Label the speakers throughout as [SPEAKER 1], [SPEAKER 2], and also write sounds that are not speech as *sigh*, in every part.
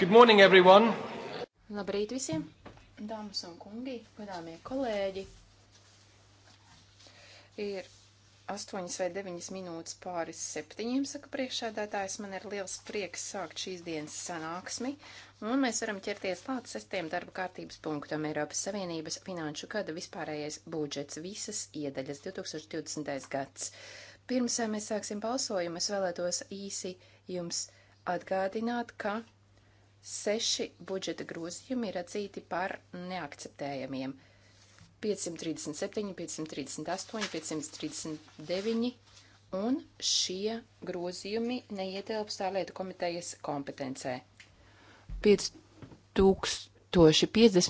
[SPEAKER 1] Good morning, everyone!
[SPEAKER 2] Labrīt visiem, dāmas un kungi, godāmie kolēģi! Ir 8 vai 9 minūtes pāris septiņiem, saka priekšēdētājs. Man ir liels prieks sākt šīs dienas sanāksmi, un mēs varam ķerties klāt sestiem darba kārtības punktam Eiropas Savienības finanšu gada vispārējais budžets visas iedaļas 2020. gads. Pirms mēs sāksim balsojumu, es vēlētos īsi jums atgādināt, ka Seši budžeta grozījumi ir atzīti par neakceptējamiem. 537, 538, 539 un šie grozījumi neietilpst ārlietu komitejas kompetencē. 5050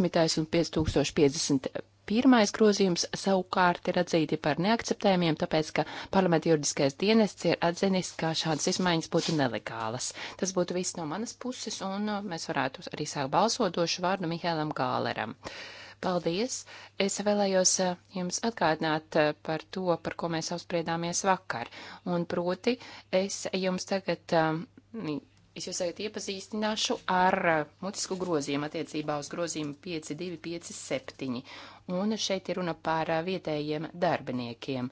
[SPEAKER 2] un 5051 Pirmais grozījums savukārt ir atzīti par neakceptējumiem, tāpēc, ka parlamenta juridiskais dienests ir atzinis, ka šādas izmaiņas būtu nelegālas. Tas būtu viss no manas puses, un uh, mēs varētu arī sākt balsodošu vārdu Mihēlam Gāleram. Paldies! Es vēlējos uh, jums atgādināt uh, par to, par ko mēs apspriedāmies vakar. Un proti, es jums tagad, um, es jūs tagad iepazīstināšu ar mutisku grozījumu attiecībā uz grozījumu 5257. Un šeit ir runa par vietējiem darbiniekiem,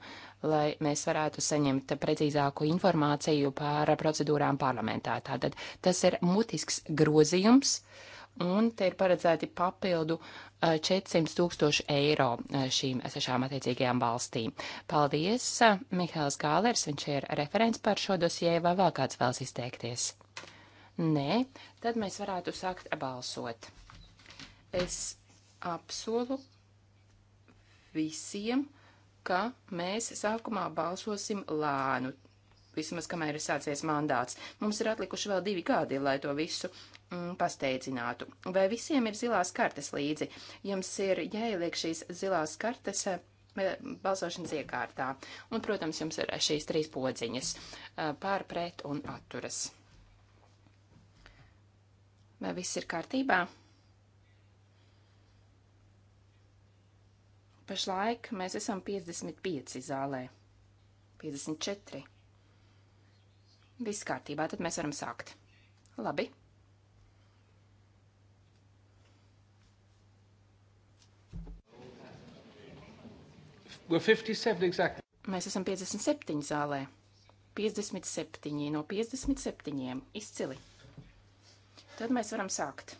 [SPEAKER 2] lai mēs varētu saņemt precīzāku informāciju par procedūrām parlamentā. Tātad tas ir mutisks grozījums, un te ir paredzēti papildu 400 tūkstoši eiro šīm sešām attiecīgajām valstīm. Paldies, Mihāls Gālers, viņš ir referents par šo dosieju, vai vēl kāds vēlas izteikties? Nē, tad mēs varētu sākt balsot. Es apsolu, visiem, ka mēs sākumā balsosim lēnu, vismaz kamēr ir sācies mandāts. Mums ir atlikuši vēl divi gadi, lai to visu mm, pasteidzinātu. Vai visiem ir zilās kartes līdzi? Jums ir jāieliek šīs zilās kartes e, balsošanas iekārtā. Un, protams, jums ir šīs trīs podziņas eh, - pār, pret un atturas. Vai viss ir kārtībā? Pašlaik mēs esam 55 zālē. 54. Viss kārtībā, tad mēs varam sākt. Labi. Exactly. Mēs esam 57 zālē. 57 no 57. Izcili. Tad mēs varam sākt.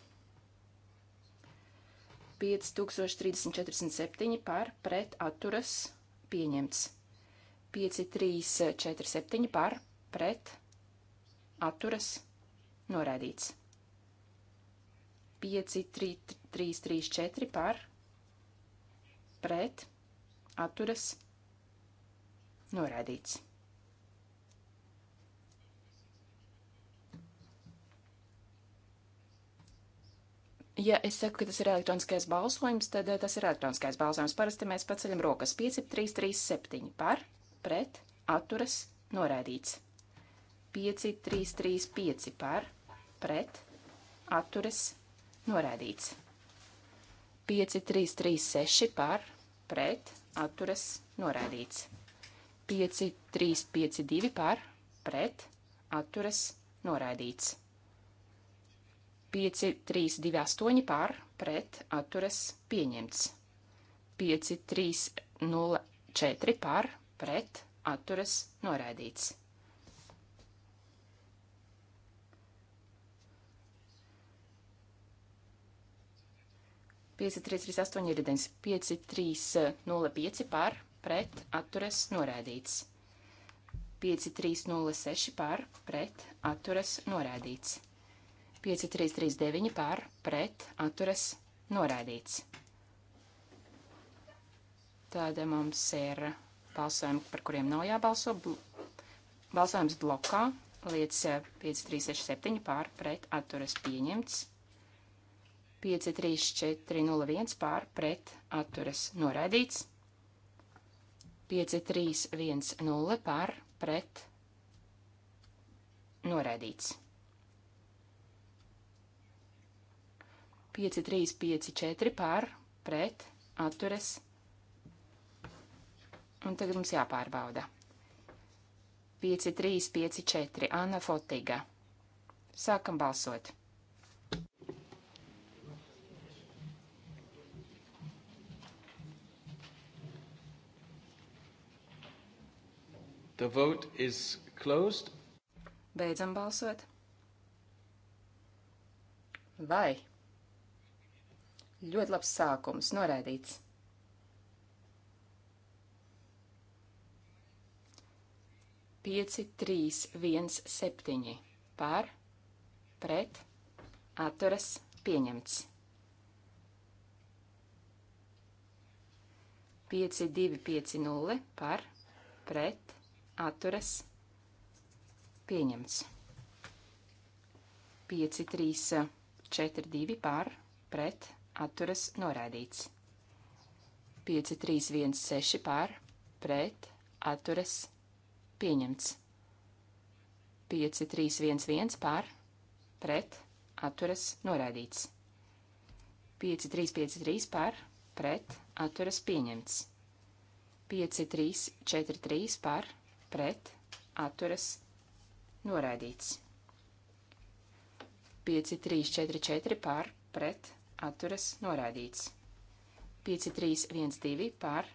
[SPEAKER 2] 5034 par pret atturas pieņemts. 5347 par pret atturas norādīts. 5334 par pret atturas norādīts. Ja es saku, ka tas ir elektroniskais balsojums, tad eh, tas ir elektroniskais balsojums. Parasti mēs paceļam rokas 5, 3, 3, 7 par, pret, atturas, noraidīts. 5, 3, 3, 5 par, pret, atturas, noraidīts. 5, 3, 3, 6 par, pret, atturas, noraidīts. 5, 3, 5, 2 par, pret, atturas, noraidīts. 5, 3, 2, 8 pār, pret, atturas, pieņemts. 5, 3, 0, 4 pār, pret, atturas, noraidīts. Pieci, trīs, trīs, astoņi ir dens. Pieci, trīs, nulle, pieci pār, pret, atturas, noraidīts. 5306 par pret atturas norādīts. 5339 pār pret atturas noraidīts. Tad mums ir balsojumi, par kuriem nav jābalso. Balsojums blokā liec 5367 pār pret atturas pieņemts. 53401 pār pret atturas noraidīts. 5310 pār pret noraidīts. 5354 par, pret, atturas. Un tagad mums jāpārbauda. 5354 Anna Fotiga. Sākam balsot.
[SPEAKER 1] The vote is closed.
[SPEAKER 2] Beidzam balsot. Vai Ļoti labs sākums, noraidīts. Pieci, trīs, viens, septiņi. Pār, pret, atturas, pieņemts. 5250 par pret atturas pieņemts. 5342 par pret atturas noraidīts. 5316 pār, pret, atturas, pieņemts. 5311 pār, pret, atturas, noraidīts. 5353 pār, pret, atturas, pieņemts. 5343 pār, pret, atturas, noraidīts. 5344 pār, pret, atturas noraidīts. 5312 par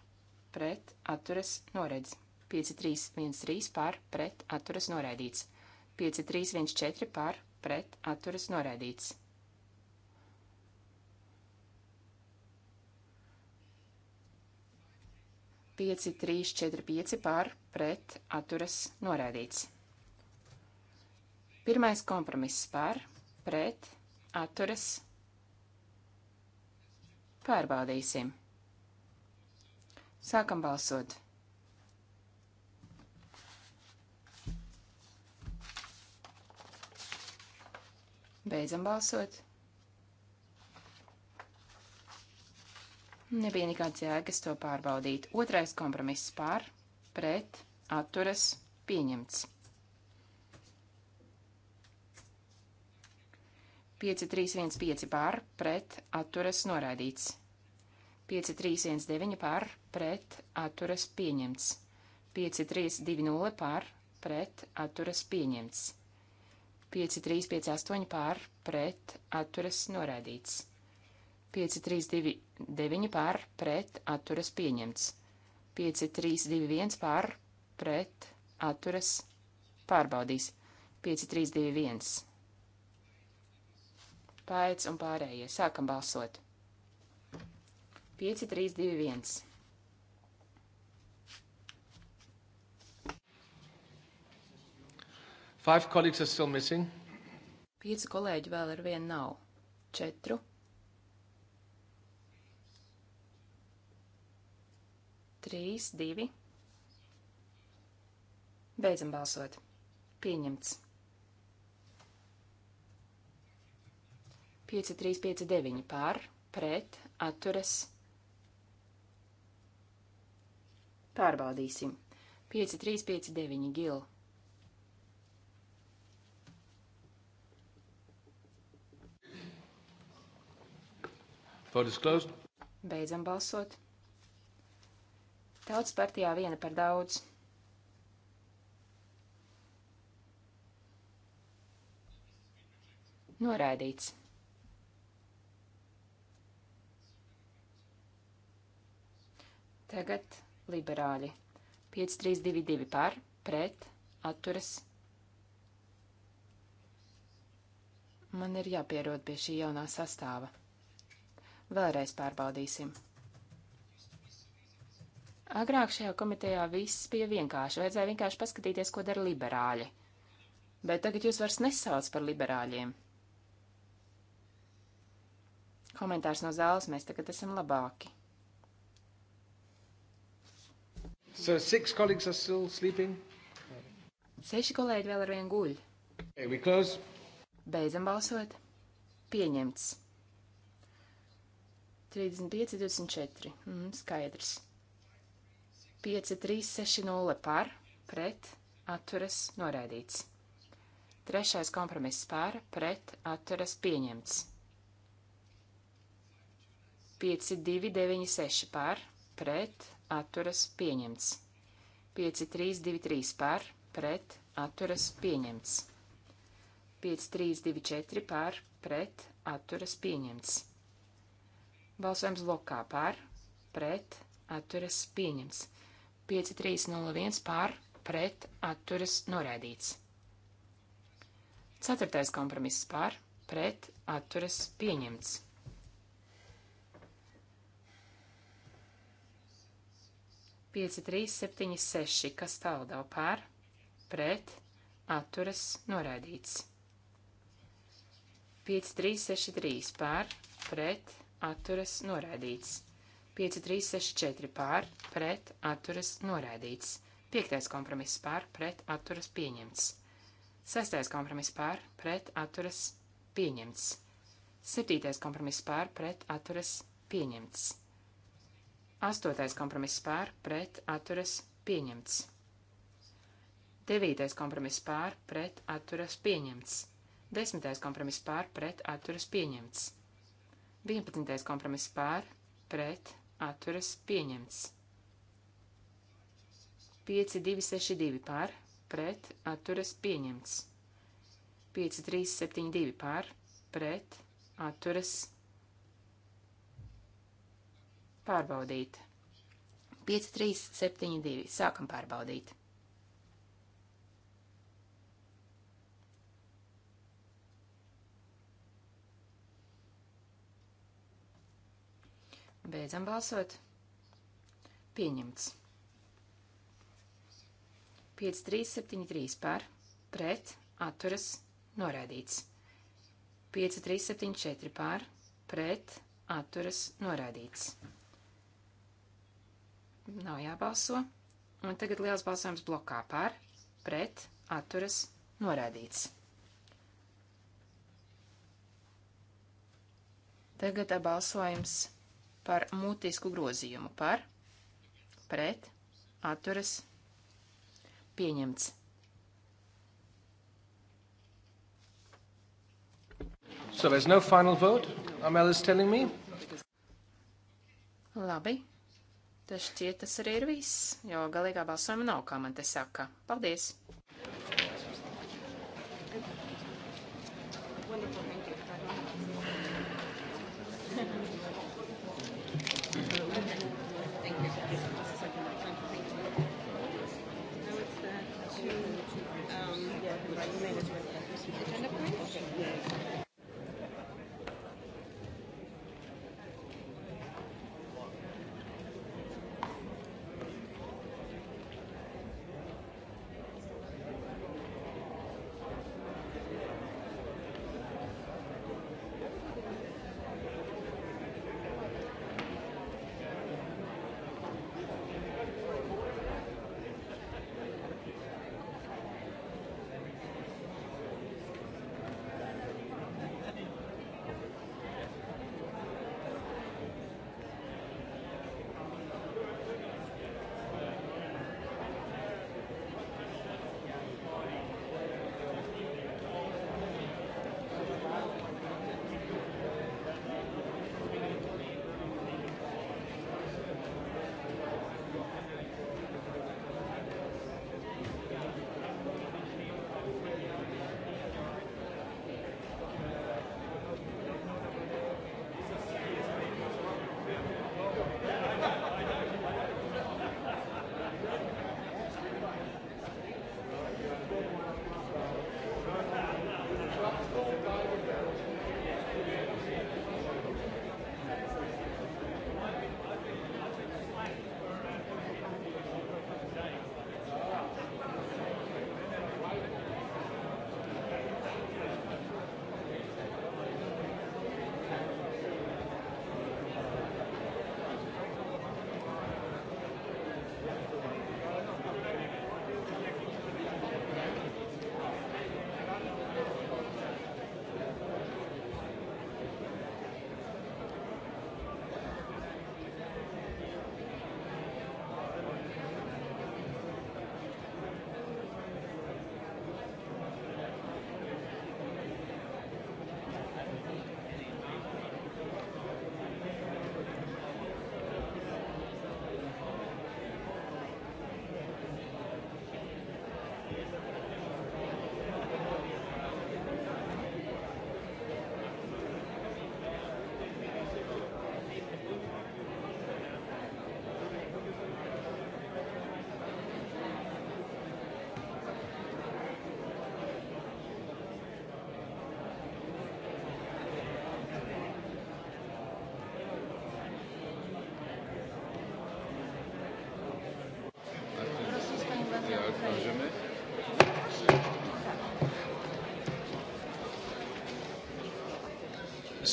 [SPEAKER 2] pret atturas noraidīts. 5313 par pret atturas noraidīts. 5314 par pret atturas noraidīts. Pieci, trīs, četri, pieci pār, pret, atturas, noraidīts. Pirmais kompromiss pār, pret, atturas, Pārbaudīsim. Sākam balsot. Beidzam balsot. Nebija nekāds jēgas to pārbaudīt. Otrais kompromiss pār, pret, atturas, pieņemts. 5315 pār, pret, atturas noraidīts. 5319 pār, pret, atturas pieņemts. 5320 pār, pret, atturas pieņemts. 5358 pār, pret, atturas noraidīts. 5329 pār, pret, atturas pieņemts. 5321 pār, pret, atturas pārbaudīs. 5321. Paēc un pārējie. Sākam balsot. 5, 3, 2, 1.
[SPEAKER 1] Five colleagues are still missing.
[SPEAKER 2] Pieci kolēģi vēl ar vienu nav. Četru. Trīs, divi. Beidzam balsot. Pieņemts. 5359 pār, pret, atturas. Pārbaudīsim. 5359 gil. Beidzam balsot. Tautas partijā viena par daudz. Noraidīts. Tagad liberāļi. 5322 par, pret, atturas. Man ir jāpierod pie šī jaunā sastāva. Vēlreiz pārbaudīsim. Agrāk šajā komitejā viss bija vienkārši. Vajadzēja vienkārši paskatīties, ko dara liberāļi. Bet tagad jūs vairs nesauc par liberāļiem. Komentārs no zāles mēs tagad esam labāki. So six colleagues are still sleeping? Seši kolēģi vēl ar vienu guļ. Okay, we close. Beidzam balsot. Pieņemts. 35, 24. Mm, skaidrs. 5, 3, 6, 0 par, pret, atturas, noraidīts. Trešais kompromiss par, pret, atturas, pieņemts. 5, 2, 9, 6 par, pret, atturas pieņemts. 5323 par, pret, atturas pieņemts. 5324 par, pret, atturas pieņemts. Balsojums lokā par, pret, atturas pieņemts. 5301 par, pret, atturas noraidīts. Ceturtais kompromiss par, pret, atturas pieņemts. 5376, kas taldā pār, pret, atturas, noraidīts. 5363 pār, pret, atturas, noraidīts. 5364 pār, pret, atturas, noraidīts. 5. kompromiss pār, pret, atturas, pieņemts. 6. kompromiss pār, pret, atturas, pieņemts. 7. kompromiss pār, pret, atturas, pieņemts. Astotais kompromiss pār, pret, atturas, pieņemts. Devītais kompromiss pār, pret, atturas, pieņemts. Desmitais kompromiss pār, pret, atturas, pieņemts. Vienpadsmitais kompromiss pār, pret, atturas, pieņemts. 5262 pār, pret, atturas, pieņemts. 5372 pār, pret, atturas, pieņemts pārbaudīt. 5372. Sākam pārbaudīt. Beidzam balsot. Pieņemts. 5373 par, pret, atturas, norādīts. 5374 par, pret, atturas, norādīts. Nav jābalso. Un tagad liels balsojums blokā par, pret, atturas, norādīts. Tagad balsojums par mutisku grozījumu par, pret, atturas, pieņemts.
[SPEAKER 3] So there's no final vote,
[SPEAKER 1] Amel is telling me.
[SPEAKER 2] Labi, Tas šķiet, tas arī ir viss, jo galīgā balsojuma nav, kā man te saka. Paldies! Wonderful.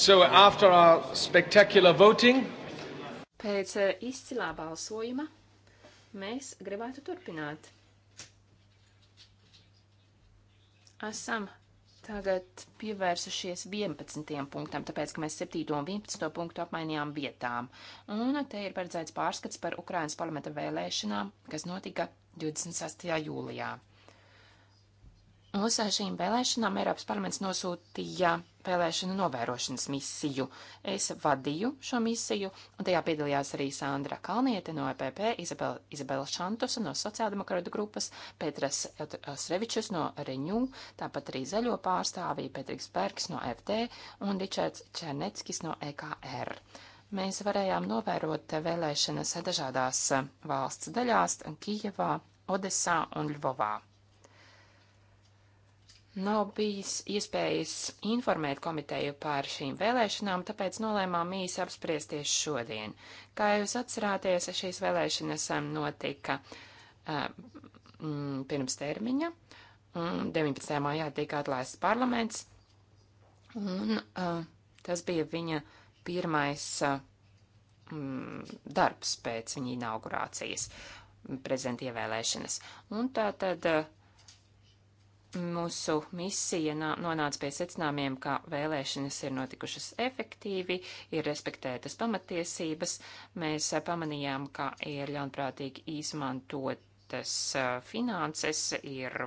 [SPEAKER 1] So after our spectacular voting,
[SPEAKER 2] pēc eh, izcilā balsojuma mēs gribētu turpināt. Esam tagad pievērsušies 11. punktam, tāpēc, ka mēs 7. un 11. punktu apmainījām vietām. Un te ir paredzēts pārskats par Ukrainas parlamenta vēlēšanām, kas notika 26. jūlijā. Uz šīm vēlēšanām Eiropas parlaments nosūtīja vēlēšanu novērošanas misiju. Es vadīju šo misiju, un tajā piedalījās arī Sandra Kalniete no EPP, Izabela, Izabela Šantusa no sociāldemokrāta grupas, Pētras Srevičus no Reņū, tāpat arī zaļo pārstāvīja Pētriks Bergs no FD un Ričards Černeckis no EKR. Mēs varējām novērot vēlēšanas dažādās valsts daļās - Kijevā, Odesā un Ļvovā. Nav bijis iespējas informēt komiteju par šīm vēlēšanām, tāpēc nolēmām īsi apspriesties šodien. Kā jūs atcerāties, šīs vēlēšanas um, notika uh, mm, pirms termiņa, 19. mājā tika atlaists parlaments, un uh, tas bija viņa pirmais uh, mm, darbs pēc viņa inaugurācijas prezidenta ievēlēšanas. Un tā tad uh, mūsu misija nonāca pie secinājumiem, ka vēlēšanas ir notikušas efektīvi, ir respektētas pamatiesības. Mēs eh, pamanījām, ka ir ļaunprātīgi izmantotas eh, finanses, ir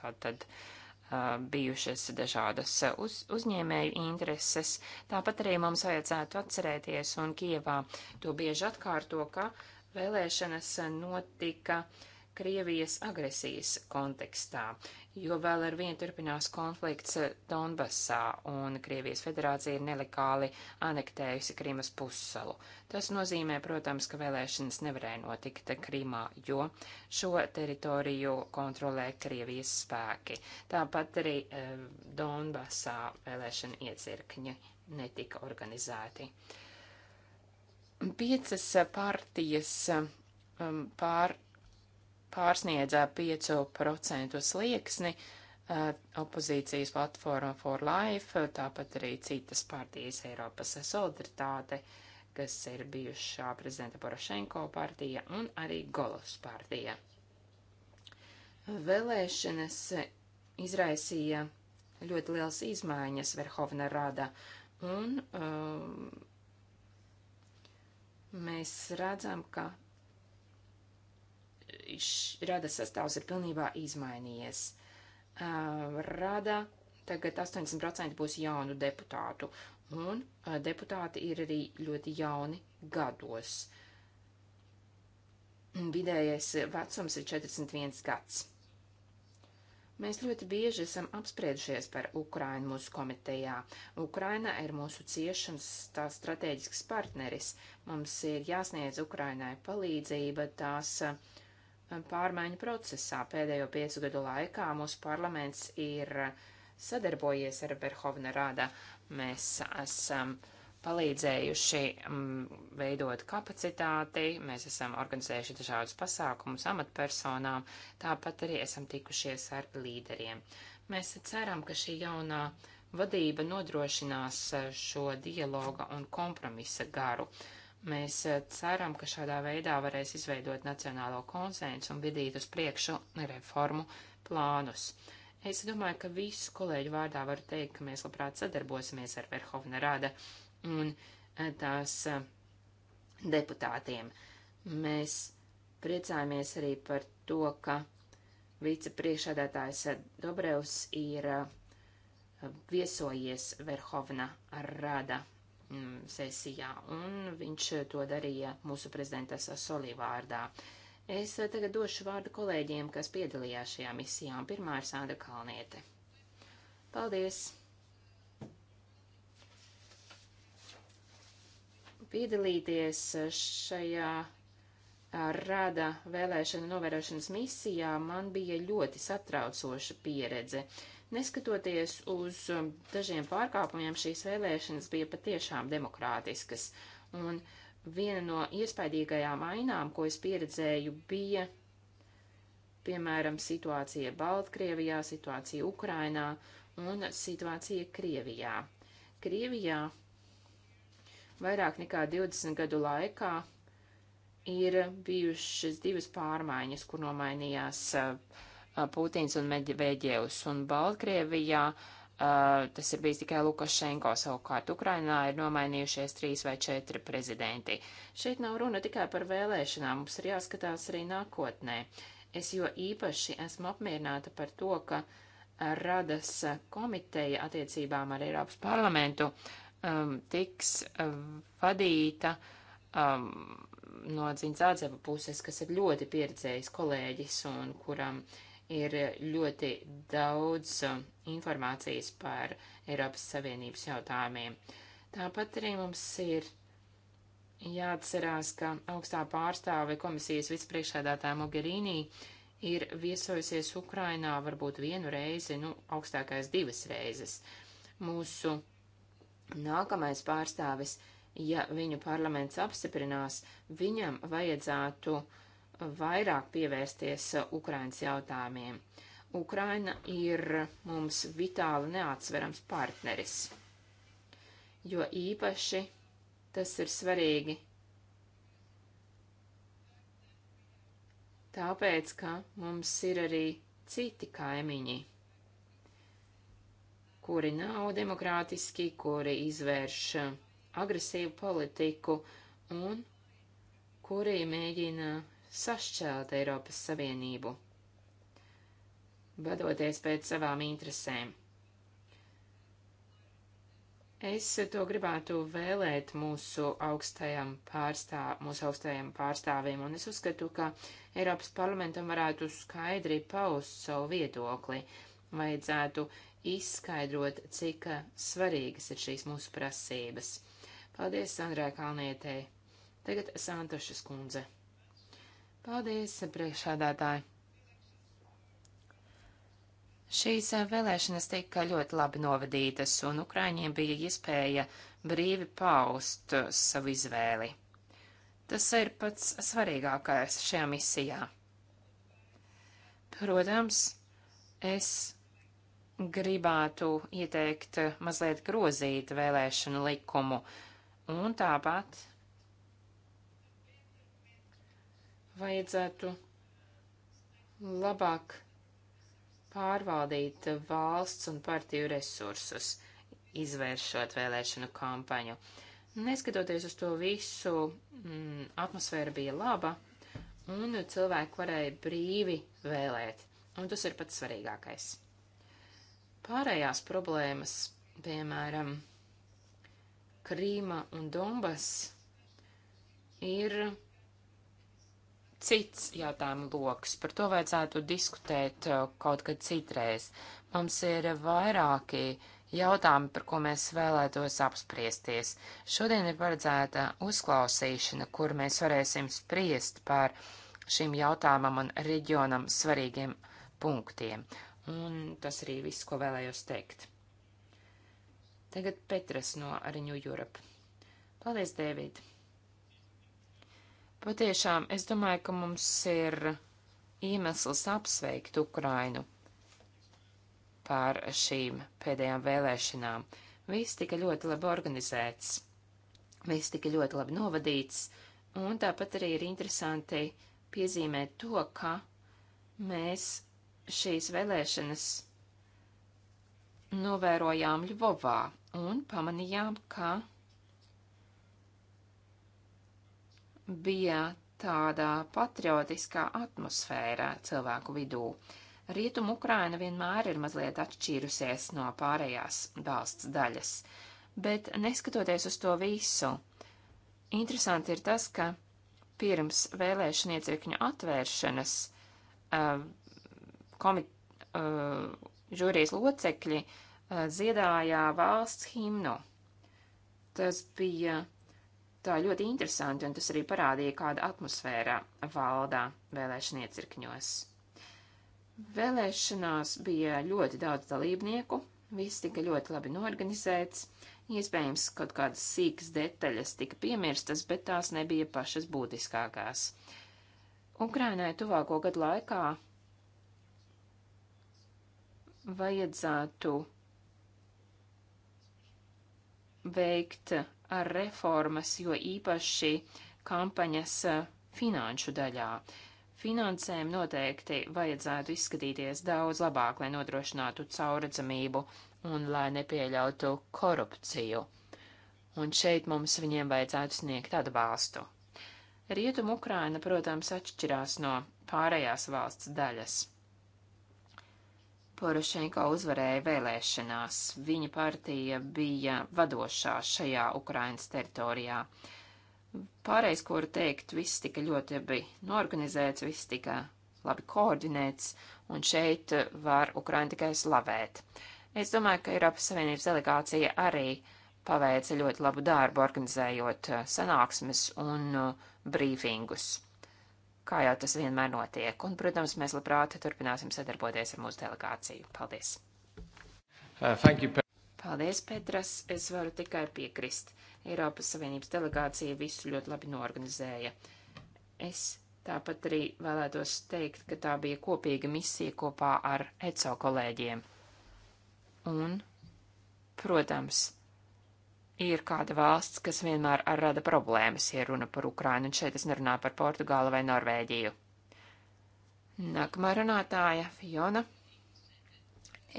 [SPEAKER 2] tātad eh, bijušas dažādas uz, uzņēmēju intereses. Tāpat arī mums vajadzētu atcerēties, un Kievā to bieži atkārto, ka vēlēšanas notika uh, Krievijas agresijas kontekstā, jo vēl ar vienu turpinās konflikts eh, Donbassā un Krievijas federācija ir nelikāli anektējusi Krīmas pussalu. Tas nozīmē, protams, ka vēlēšanas nevarēja notikt Krīmā, jo šo teritoriju kontrolē Krievijas spēki. Tāpat arī e, Donbassā vēlēšana iecirkņi netika organizēti. Piecas eh, partijas um, pār pārsniedza 5% slieksni opozīcijas platforma For Life, tāpat arī citas partijas Eiropas solidaritāte, kas ir bijušā prezidenta Porošenko partija un arī Golos partija. Vēlēšanas izraisīja ļoti liels izmaiņas Verhovna Rada, un um, mēs redzam, ka rada sastāvs ir pilnībā izmainījies. Rada tagad 80% būs jaunu deputātu, un deputāti ir arī ļoti jauni gados. Vidējais vecums ir 41 gads. Mēs ļoti bieži esam apspriedušies par Ukrainu mūsu komitejā. Ukraina ir mūsu ciešanas tā strateģisks partneris. Mums ir jāsniedz Ukrainai palīdzība tās uh, pārmaiņu procesā. Pēdējo piecu gadu laikā mūsu parlaments ir sadarbojies ar Berhovna Rādā. Mēs esam palīdzējuši mm, veidot kapacitāti, mēs esam organizējuši dažādus pasākumus amatpersonām, tāpat arī esam tikušies ar līderiem. Mēs ceram, ka šī jaunā vadība nodrošinās šo dialoga un kompromisa garu. Uh, Mēs eh, ceram, ka šādā veidā varēs izveidot nacionālo konsensu un vidīt uz priekšu reformu plānus. Es domāju, ka visu kolēģu vārdā varu teikt, ka mēs labprāt sadarbosimies ar Verhovna Rada un eh, tās eh, deputātiem. Mēs priecājamies arī par to, ka vicepriekšādātājs Dobrevs ir viesojies Verhovna Rada Mm, sesijā, un viņš to darīja mūsu prezidentas Solī vārdā. Es tagad došu vārdu kolēģiem, kas piedalījās šajā misijā, un pirmā ir Sāda Kalniete. Paldies! Piedalīties šajā rada vēlēšana novērošanas misijā man bija ļoti satraucoša pieredze. Uh, Neskatoties uz um, dažiem pārkāpumiem, šīs vēlēšanas bija patiešām demokrātiskas. Un viena no iespaidīgajām ainām, ko es pieredzēju, bija, piemēram, situācija Baltkrievijā, situācija Ukrainā un situācija Krievijā. Krievijā vairāk nekā 20 gadu laikā ir bijušas divas pārmaiņas, kur nomainījās uh, Putins un Medvedjevs, un Baltkrievijā tas ir bijis tikai Lukašenko, savukārt Ukrainā ir nomainījušies trīs vai četri prezidenti. Šeit nav runa tikai par vēlēšanām, mums ir jāskatās arī nākotnē. Es jo īpaši esmu apmierināta par to, ka radas komiteja attiecībām ar Eiropas parlamentu um, tiks um, vadīta um, no Dzīnas Ādzeva puses, kas ir ļoti pieredzējis kolēģis un kuram ir ļoti daudz um, informācijas par Eiropas Savienības jautājumiem. Tāpat arī mums ir jāatcerās, ka augstā pārstāve komisijas vicepriekšādātāja Mogherīnī ir viesojusies Ukrainā varbūt vienu reizi, nu, augstākais divas reizes. Mūsu nākamais pārstāvis, ja viņu parlaments apstiprinās, viņam vajadzētu uh, vairāk pievērsties uh, Ukrainas jautājumiem. Ukraina ir mums vitāli neatsverams partneris, jo īpaši tas ir svarīgi tāpēc, ka mums ir arī citi kaimiņi, kuri nav demokrātiski, kuri izvērš uh, agresīvu politiku un kuri mēģina sašķelt Eiropas Savienību, vadoties pēc savām interesēm. Es to gribētu vēlēt mūsu augstajam, pārstāv, mūsu augstajam pārstāvim, un es uzskatu, ka Eiropas parlamentam varētu skaidri paust savu viedokli. Vajadzētu izskaidrot, cik svarīgas ir šīs mūsu prasības. Paldies Sandrē Kalnietei. Tagad Santošas kundze. Paldies, priekšādātāji! Šīs vēlēšanas tika ļoti labi novadītas, un Ukraiņiem bija iespēja brīvi paust savu izvēli. Tas ir pats svarīgākais šajā misijā. Protams, es gribētu ieteikt mazliet grozīt vēlēšanu likumu, un tāpat vajadzētu labāk pārvaldīt valsts un partiju resursus, izvēršot vēlēšanu kampaņu. Neskatoties uz to visu, mm, atmosfēra bija laba, un cilvēki varēja brīvi vēlēt, un tas ir pats svarīgākais. Pārējās problēmas, piemēram, Krīma un Dombas, ir cits jautājumu lokus. Par to vajadzētu diskutēt uh, kaut kad citreiz. Mums ir vairāki jautājumi, par ko mēs vēlētos apspriesties. Šodien ir paredzēta uzklausīšana, kur mēs varēsim spriest par šim jautājumam un reģionam svarīgiem punktiem. Un tas arī viss, ko vēlējos teikt. Tagad Petras no Ariņu Europe. Paldies, Dēvid! Patiešām, es domāju, ka mums ir iemesls apsveikt Ukrainu par šīm pēdējām vēlēšanām. Viss tika ļoti labi organizēts, viss tika ļoti labi novadīts, un tāpat arī ir interesanti piezīmēt to, ka mēs šīs vēlēšanas novērojām Ļuvovā un pamanījām, ka bija tādā patriotiskā atmosfērā cilvēku vidū. Rietumu Ukraina vienmēr ir mazliet atšķīrusies no pārējās valsts daļas, bet neskatoties uz to visu, interesanti ir tas, ka pirms vēlēšana iecirkņu atvēršanas uh, komit, uh, žūrijas locekļi uh, dziedāja valsts himnu. Tas bija Tā ļoti interesanti, un tas arī parādīja, kāda atmosfēra valdā vēlēšana iecirkņos. Vēlēšanās bija ļoti daudz dalībnieku, viss tika ļoti labi norganizēts, iespējams, kaut kādas sīkas detaļas tika piemirstas, bet tās nebija pašas būtiskākās. Ukrainai tuvāko gadu laikā vajadzētu veikt reformas, jo īpaši kampaņas eh, finanšu daļā. Finansēm noteikti vajadzētu izskatīties daudz labāk, lai nodrošinātu caurredzamību un lai nepieļautu korupciju. Un šeit mums viņiem vajadzētu sniegt atbalstu. Rietum Ukraina, protams, atšķirās no pārējās valsts daļas. Porošenko uzvarēja vēlēšanās. Viņa partija bija vadošā šajā Ukrainas teritorijā. Pārējais, ko var teikt, viss tika ļoti labi norganizēts, viss tika labi koordinēts, un šeit var Ukraina tikai slavēt. Es domāju, ka Eiropas Savienības delegācija arī paveica ļoti labu darbu, organizējot uh, sanāksmes un brīfingus. Uh, kā jau tas vienmēr notiek. Un, protams, mēs labprāt turpināsim sadarboties ar mūsu delegāciju. Paldies!
[SPEAKER 1] Uh, thank you, Pe
[SPEAKER 2] Paldies, Petras! Es varu tikai piekrist. Eiropas Savienības delegācija visu ļoti labi norganizēja. Es tāpat arī vēlētos teikt, ka tā bija kopīga misija kopā ar ECO kolēģiem. Un, protams, ir kāda valsts, kas vienmēr rada problēmas, ja runa par Ukrainu, un šeit es nerunāju par Portugālu vai Norvēģiju. Nākamā runātāja, Fiona.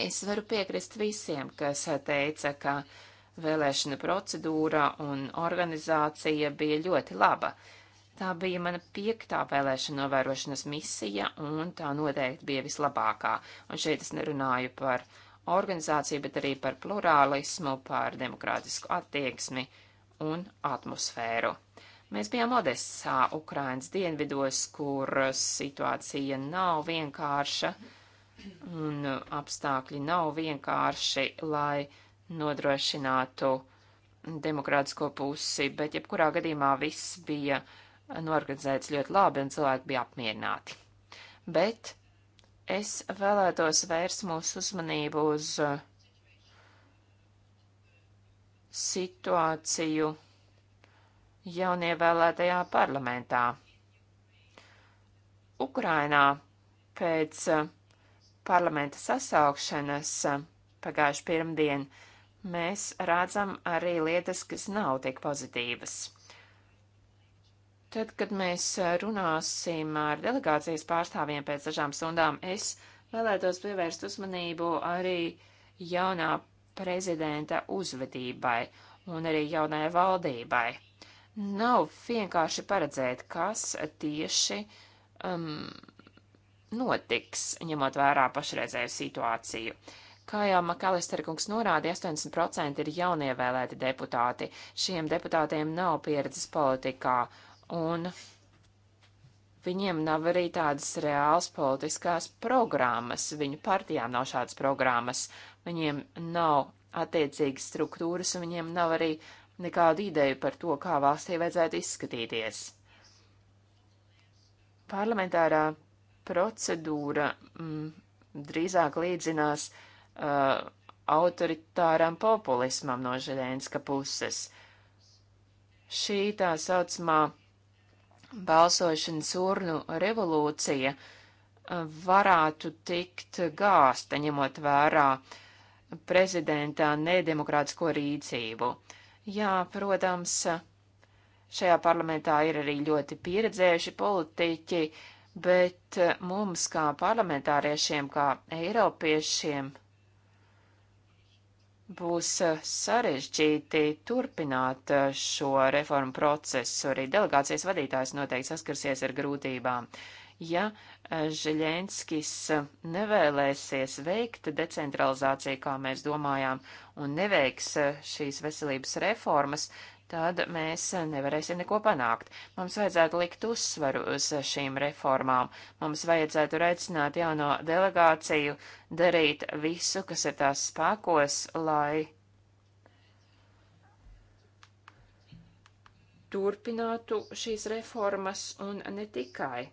[SPEAKER 2] Es varu piekrist visiem, kas teica, ka vēlēšana procedūra un organizācija bija ļoti laba. Tā bija mana piektā vēlēšana novērošanas misija, un tā noteikti bija vislabākā. Un šeit es nerunāju par uh, organizāciju, bet arī par plurālismu, par demokrātisku attieksmi un atmosfēru. Mēs bijām Odessā, Ukrainas dienvidos, kur situācija nav vienkārša un apstākļi nav vienkārši, lai nodrošinātu demokrātisko pusi, bet jebkurā gadījumā viss bija norganizēts ļoti labi un cilvēki bija apmierināti. Bet Es vēlētos vērst mūsu uzmanību uz uh, situāciju jaunievēlētajā parlamentā. Ukrainā pēc uh, parlamenta sasaukšanas uh, pagājuši pirmdien mēs rādzam arī lietas, kas nav tik pozitīvas. Tad, kad mēs runāsim ar delegācijas pārstāvjiem pēc dažām stundām, es vēlētos pievērst uzmanību arī jaunā prezidenta uzvedībai un arī jaunai valdībai. Nav vienkārši paredzēt, kas tieši um, notiks, ņemot vērā pašreizēju situāciju. Kā jau Makalisterkungs norādīja, 80% ir jaunievēlēti deputāti. Šiem deputātiem nav pieredzes politikā, un viņiem nav arī tādas reāls politiskās programmas, viņu partijām nav šādas programmas, viņiem nav attiecīgas struktūras, un viņiem nav arī nekādu ideju par to, kā valstī vajadzētu izskatīties. Parlamentārā procedūra mm, drīzāk līdzinās uh, autoritāram populismam no Žeļēnska puses. Šī tā saucamā balsošanas urnu revolūcija eh, varētu tikt gāsta, ņemot vērā prezidentā nedemokrātisko rīcību. Jā, protams, šajā parlamentā ir arī ļoti pieredzējuši politiķi, bet mums kā parlamentāriešiem, kā eiropiešiem, būs e, sarežģīti turpināt e, šo reformu procesu. Arī delegācijas vadītājs noteikti saskarsies ar grūtībām. Ja e, Žiļenskis nevēlēsies veikt decentralizāciju, kā mēs domājām, un neveiks šīs veselības reformas, tad mēs nevarēsim neko panākt. Mums vajadzētu likt uzsvaru uz šīm reformām. Mums vajadzētu aicināt jauno delegāciju darīt visu, kas ir tās spēkos, lai turpinātu šīs reformas un ne tikai.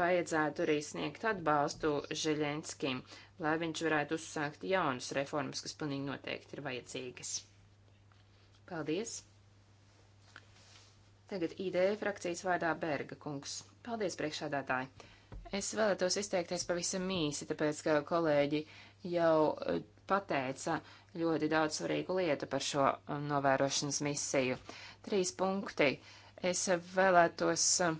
[SPEAKER 2] Vajadzētu arī sniegt atbalstu Žeļenskim, lai viņš varētu uzsākt jaunas reformas, kas pilnīgi noteikti ir vajadzīgas. Paldies! Tagad ID frakcijas vārdā Berga kungs. Paldies, priekšādātāji! Es vēlētos izteikties pavisam īsi, tāpēc, ka kolēģi jau e, pateica ļoti daudz svarīgu lietu par šo e, novērošanas misiju. Trīs punkti. Es vēlētos e,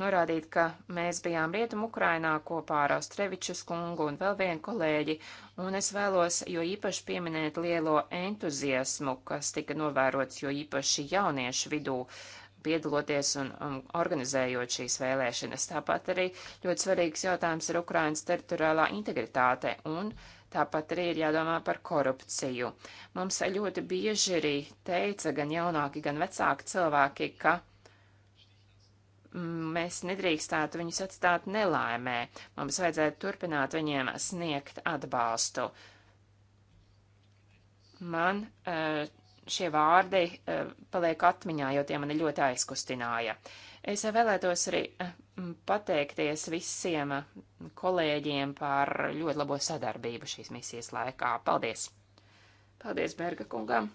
[SPEAKER 2] norādīt, ka mēs bijām Rietumu Ukrainā kopā ar Austreviču skungu un vēl vienu kolēģi, un es vēlos jo īpaši pieminēt lielo entuziasmu, kas tika novērots jo īpaši jauniešu vidū, piedaloties un, un organizējot šīs vēlēšanas. Tāpat arī ļoti svarīgs jautājums ir Ukrainas teritoriālā integritāte un Tāpat arī ir jādomā par korupciju. Mums ļoti bieži arī teica gan jaunāki, gan vecāki cilvēki, ka mēs nedrīkstētu viņus atstāt nelaimē. Mums vajadzētu turpināt viņiem sniegt atbalstu. Man eh, šie vārdi eh, paliek atmiņā, jo tie mani ļoti aizkustināja. Es vēlētos arī eh, pateikties visiem kolēģiem par ļoti labo sadarbību šīs misijas laikā. Paldies! Paldies Berga kungam!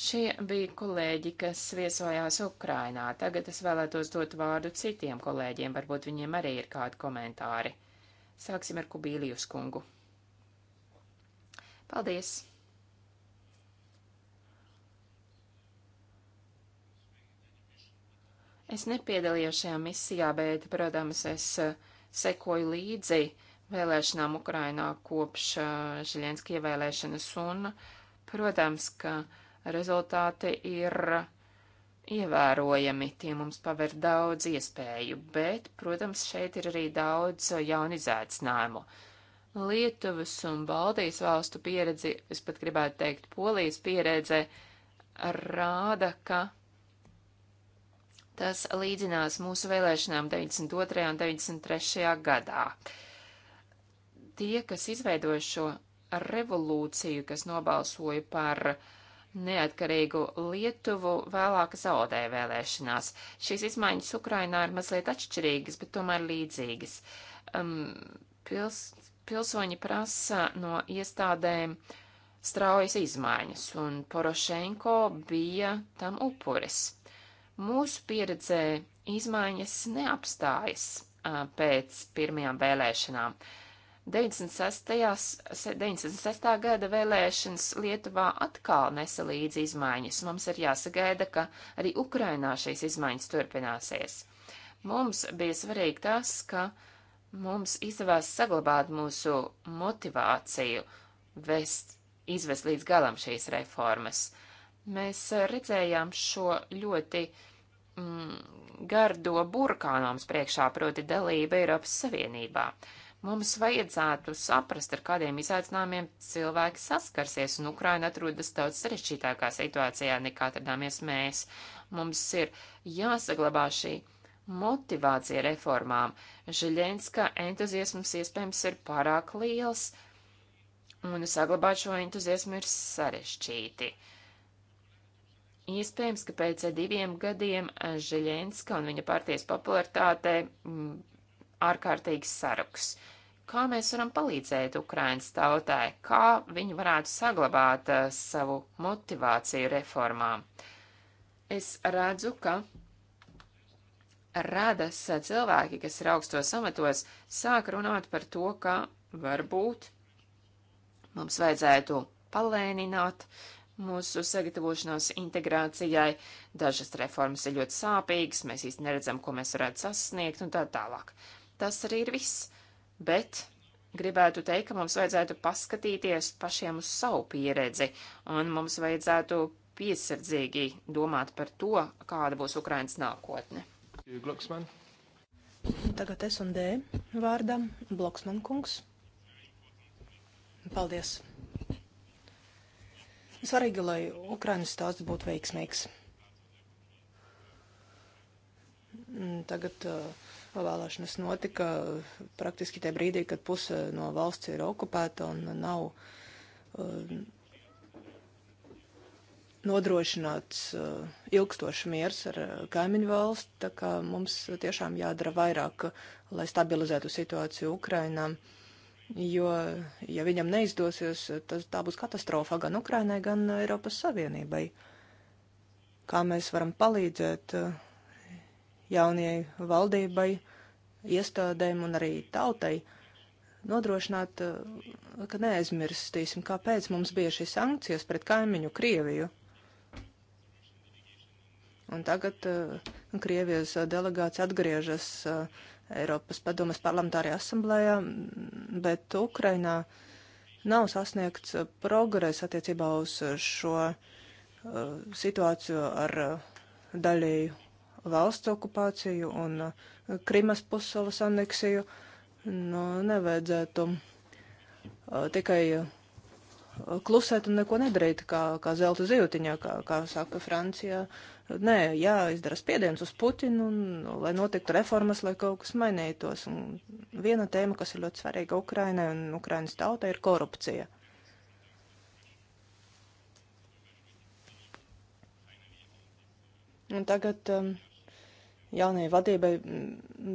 [SPEAKER 2] Šie bija kolēģi, kas viesojās Ukrainā. Tagad es vēlētos dot vārdu citiem kolēģiem, varbūt viņiem arī ir kādi komentāri. Sāksim ar Kubīlijus kungu. Paldies! Es nepiedalījos šajā misijā, bet, protams, es eh, sekoju līdzi vēlēšanām Ukrainā kopš Žiļenska eh, ievēlēšanas un, protams, ka rezultāti ir ievērojami, tie mums paver daudz iespēju, bet, protams, šeit ir arī daudz jaunu izaicinājumu. Lietuvas un Baltijas valstu pieredze, es pat gribētu teikt, Polijas pieredze rāda, ka tas līdzinās mūsu vēlēšanām 92. un 93. gadā. Tie, kas izveidoja šo revolūciju, kas nobalsoja par uh, neatkarīgu Lietuvu vēlāk zaudēja vēlēšanās. Šīs izmaiņas Ukrainā ir mazliet atšķirīgas, bet tomēr līdzīgas. Um, pils, pilsoņi prasa no iestādēm straujas izmaiņas, un Porošenko bija tam upuris. Mūsu pieredzē izmaiņas neapstājas uh, pēc pirmajām vēlēšanām. Uh, 96. 96. gada vēlēšanas Lietuvā atkal nesa līdzi izmaiņas. Mums ir jāsagaida, ka arī Ukrainā šīs izmaiņas turpināsies. Mums bija svarīgi tas, ka mums izdevās saglabāt mūsu motivāciju vest, izvest līdz galam šīs reformas. Mēs eh, redzējām šo ļoti mm, gardo burkānoms priekšā, proti dalība Eiropas Savienībā. Uh, Mums vajadzētu saprast, ar kādiem izaicinājumiem cilvēki saskarsies, un Ukraina atrodas daudz sarežģītākā situācijā nekā atradāmies mēs. Mums ir jāsaglabā šī motivācija reformām. Žiļenska entuziasms iespējams ir pārāk liels, un saglabāt šo entuziasmu ir sarežģīti. Iespējams, ka pēc diviem gadiem Žiļenska un viņa partijas popularitāte mm, ārkārtīgs saruks. Kā mēs varam palīdzēt Ukrainas tautai, kā viņi varētu saglabāt uh, savu motivāciju reformām? Es redzu, ka radas cilvēki, kas ir augstos amatos, sāk runāt par to, ka varbūt mums vajadzētu palēnināt mūsu sagatavošanos integrācijai. Dažas reformas ir ļoti sāpīgas, mēs īsti neredzam, ko mēs varētu sasniegt un tā tālāk. Tas arī ir viss. Bet gribētu teikt, ka mums vajadzētu paskatīties pašiem uz savu pieredzi, un mums vajadzētu piesardzīgi domāt par to, kāda būs Ukrainas nākotne. Gloksman.
[SPEAKER 3] Tagad es un D vārdam Bloksman kungs. Paldies. Svarīgi, lai Ukrainas stāsts būtu veiksmīgs. Tagad uh, Vēlēšanas notika uh, praktiski tajā brīdī, kad puse no valsts ir okupēta un nav uh, nodrošināts uh, ilgstošs miers ar uh, kaimiņu valsti, tā kā mums tiešām jādara vairāk, uh, lai stabilizētu situāciju Ukrainā, jo, ja viņam neizdosies, tas tā būs katastrofa gan Ukrainai, gan Eiropas Savienībai. Kā mēs varam palīdzēt? Uh, jaunajai valdībai, iestādēm un arī tautai nodrošināt, eh, ka neaizmirstīsim, kāpēc mums bija šīs sankcijas pret kaimiņu Krieviju. Un tagad uh, Krievijas delegācija atgriežas uh, Eiropas padomas parlamentārajā asamblējā, bet Ukrainā nav sasniegts progress attiecībā uz šo uh, situāciju ar uh, daļēju valsts okupāciju un uh, Krimas pussalas aneksiju. Nu, nevajadzētu uh, tikai uh, klusēt un neko nedarīt, kā, kā zelta zīltiņā, kā, kā saka Francijā. Nē, jāizdara spiediens uz Putinu, un, nu, lai notiktu reformas, lai kaut kas mainītos. Un viena tēma, kas ir ļoti svarīga Ukrainai un Ukrainas tautai, ir korupcija. Un tagad um, jaunajai vadībai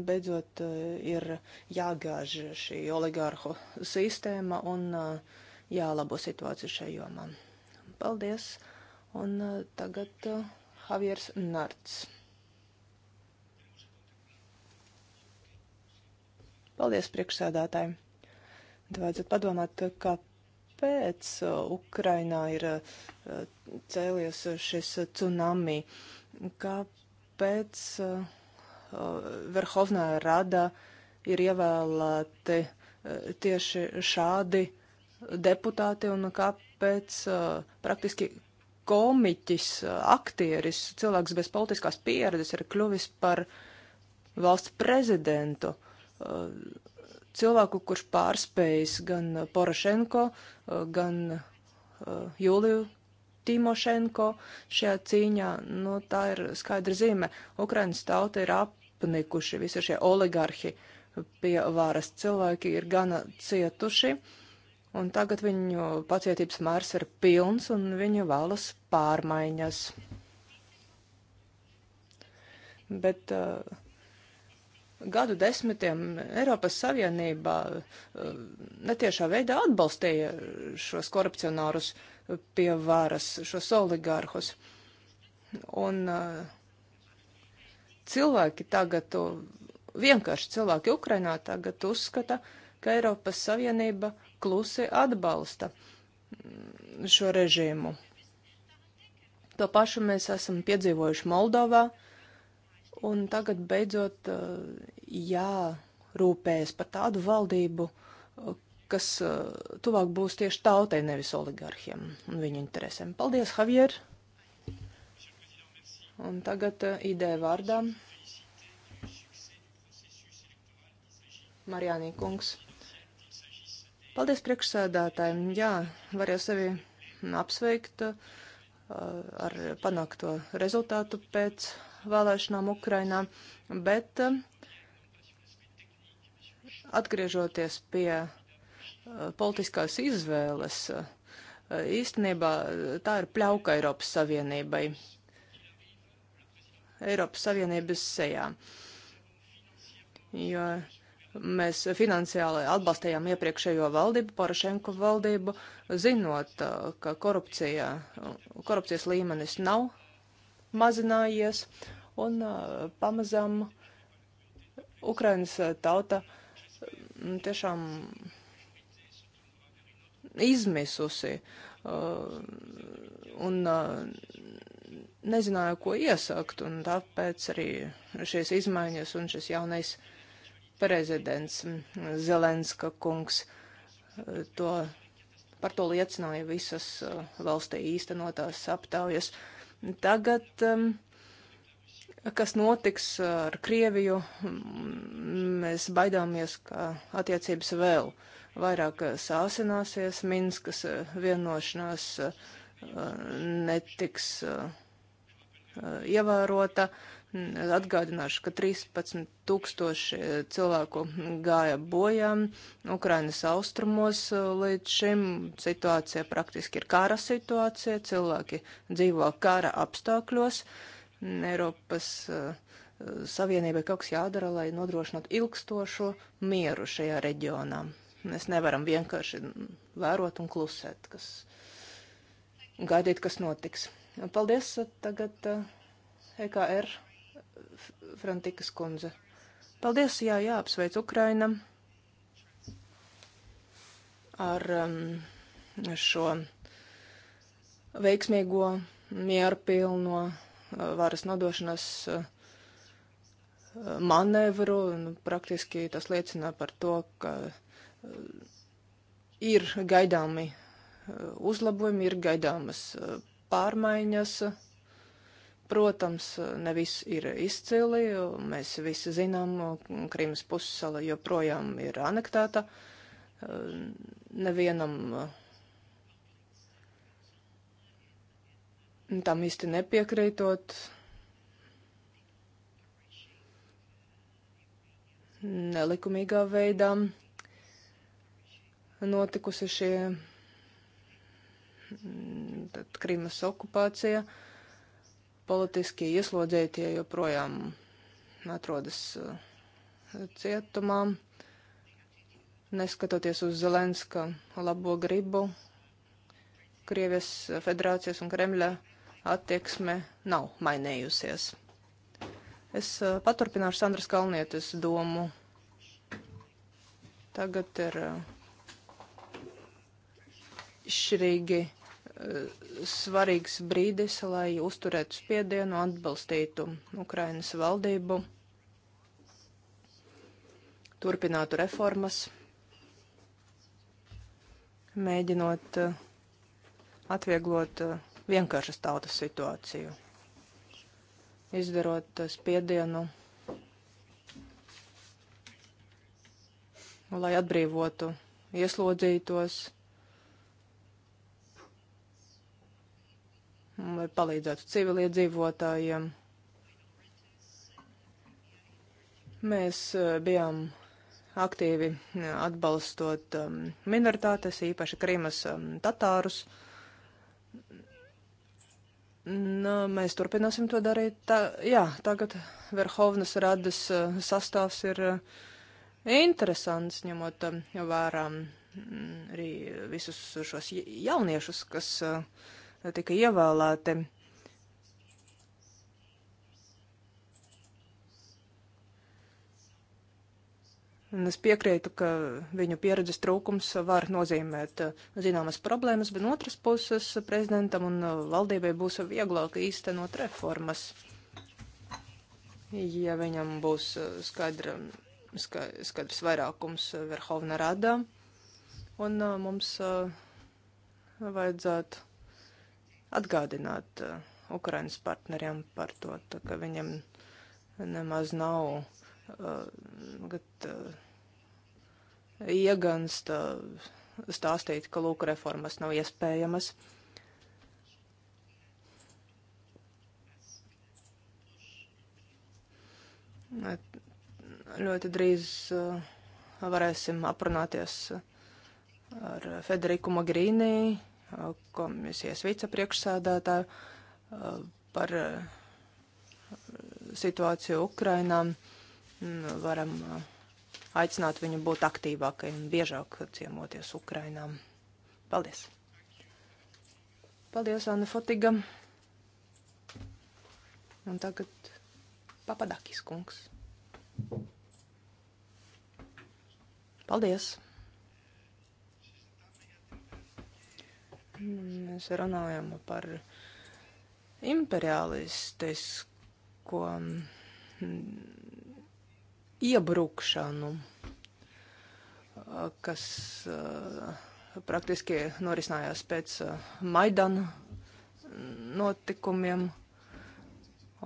[SPEAKER 3] beidzot eh, ir jāgāž šī oligārhu sistēma un eh, jālabo situācija šajā jomā. Paldies! Un eh, tagad Javiers Narts. Paldies priekšsēdātājiem! Tad vajadzētu padomāt, kāpēc Ukrainā ir cēlies šis tsunami, kāpēc pēc uh, uh, Verhovnā rada ir ievēlēti uh, tieši šādi deputāti un kāpēc praktiski komiķis, aktieris, cilvēks bez politiskās pieredzes ir kļuvis par valsts prezidentu. Cilvēku, kurš pārspējis gan Porošenko, gan Juliju Timošenko šajā cīņā, nu, tā ir skaidra zīme. Ukrainas tauta ir apnikuši, visi šie oligarhi pie varas cilvēki ir gana cietuši, un tagad viņu pacietības mērs ir pilns, un viņi vēlas pārmaiņas. Bet uh, gadu desmitiem Eiropas Savienībā uh, netiešā veidā atbalstīja šos korupcionārus uh, pie varas, šos oligarhus. Un uh, cilvēki tagad, vienkārši cilvēki Ukrainā tagad uzskata, ka Eiropas Savienība klusi atbalsta mm, šo režīmu. To pašu mēs esam piedzīvojuši Moldovā, un tagad beidzot uh, jārūpējas par tādu valdību, kas eh, tuvāk būs tieši tautai, nevis oligarhiem un viņu interesēm. Paldies, Javier! Un tagad eh, ideja vārdā. Marijānī kungs. Paldies priekšsēdētājiem. Jā, varēja sevi apsveikt uh, ar panākto rezultātu pēc vēlēšanām Ukrainā, bet uh, atgriežoties pie uh, Eh, politiskās izvēles. Eh, īstenībā eh, tā ir pļauka Eiropas Savienībai. Eiropas Savienības sejā. Jo mēs finansiāli atbalstījām iepriekšējo valdību, Porošenko valdību, zinot, ka korupcija, korupcijas līmenis nav mazinājies, un pamazām Ukrainas tauta tiešām izmisusi uh, un uh, nezināju, ko iesakt, un tāpēc arī šīs izmaiņas un šis jaunais prezidents Zelenska kungs uh, to, par to liecināja visas valstī īstenotās aptaujas. Tagad, um, kas notiks ar Krieviju, mēs baidāmies, ka attiecības vēl uh, vairāk eh, sāsināsies, Minskas eh, vienošanās eh, netiks ievērota. Atgādināšu, ka 13 tūkstoši cilvēku gāja bojām Ukrainas austrumos līdz šim. Situācija praktiski ir kara situācija, cilvēki dzīvo kara apstākļos. Eiropas Savienībai kaut kas jādara, lai nodrošinātu ilgstošo mieru šajā reģionā. Mēs nevaram vienkārši vērot un klusēt, kas gaidīt, kas notiks. Paldies tagad EKR eh, e Frantikas kundze. Paldies, jā, jā, apsveic Ukraina ar um, šo veiksmīgo, mierpilno uh, varas nodošanas uh, manevru. Nu, praktiski tas liecina par to, ka ir gaidāmi eh, uzlabojumi, ir gaidāmas eh, pārmaiņas. Protams, ne viss ir izcili, mēs visi zinām, Krīmas pussala joprojām ir anektēta. Eh, nevienam tam īsti nepiekrītot, nelikumīgā veidā notikusi šī mm, tad Krimas okupācija. Politiskie ieslodzītie joprojām atrodas eh, cietumā, neskatoties uz Zelenska labo gribu. Krievijas federācijas un Kremļa attieksme nav mainījusies. Es eh, paturpināšu Sandras Kalnietes domu. Tagad ir. Uh, izšķirīgi eh, svarīgs brīdis, lai uzturētu spiedienu, atbalstītu Ukrainas valdību, turpinātu reformas, mēģinot eh, atvieglot eh, vienkāršas tautas situāciju, izdarot spiedienu, lai atbrīvotu ieslodzītos Mm, lai palīdzētu civiliedzīvotājiem. Mēs eh, bijām aktīvi eh, atbalstot um, minoritātes, īpaši Krīmas um, tatārus. Nu, mēs turpināsim to darīt. Tā, jā, tagad Verhovnas radas eh, sastāvs ir interesants, ņemot um, vērā mm, arī visus šos jauniešus, kas uh, tika ievēlēti. Un es piekrītu, ka viņu pieredzes trūkums var nozīmēt uh, zināmas problēmas, bet no otras puses uh, prezidentam un uh, valdībai būs vieglāk īstenot reformas, ja viņam būs skaidra, ska, skaidrs vairākums Verhovna Radā. Un mums vajadzētu atgādināt uh, Ukrainas partneriem par to, tā, ka viņiem nemaz nav uh, gat, uh, ieganst uh, stāstīt, ka lūk reformas nav iespējamas. At, ļoti drīz uh, varēsim aprunāties uh, ar Federiku Magrīniju komisijas vicepriekšsēdētāju eh, par eh, situāciju Ukrainā. Mm, varam eh, aicināt viņu būt aktīvākai un biežāk ciemoties Ukrainā. Paldies! Paldies, Anna Fotiga! Un tagad Papadakis kungs. Paldies! Mēs runājam par imperialistisko mm, iebrukšanu, kas eh, praktiski norisinājās pēc eh, Maidana mm, notikumiem.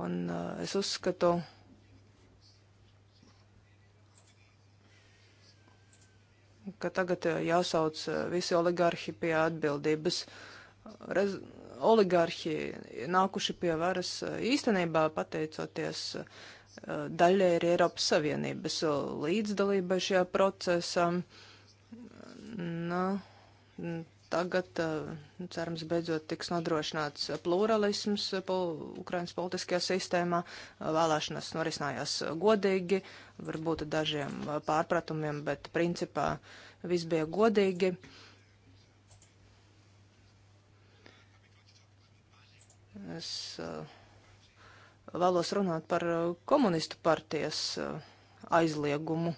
[SPEAKER 3] Un eh, es uzskatu, ka ka tagad eh, jāsauc eh, visi oligarhi pie atbildības. Rez oligarhi nākuši pie varas eh, īstenībā pateicoties daļai arī Eiropas Savienības līdzdalībai šajā procesā. Nu, tagad, eh, nu, cerams, beidzot tiks nodrošināts pluralisms po Ukrainas politiskajā sistēmā. Eh, vēlēšanas norisinājās godīgi, varbūt dažiem eh, pārpratumiem, bet principā viss bija godīgi. Es vēlos runāt par komunistu partijas aizliegumu.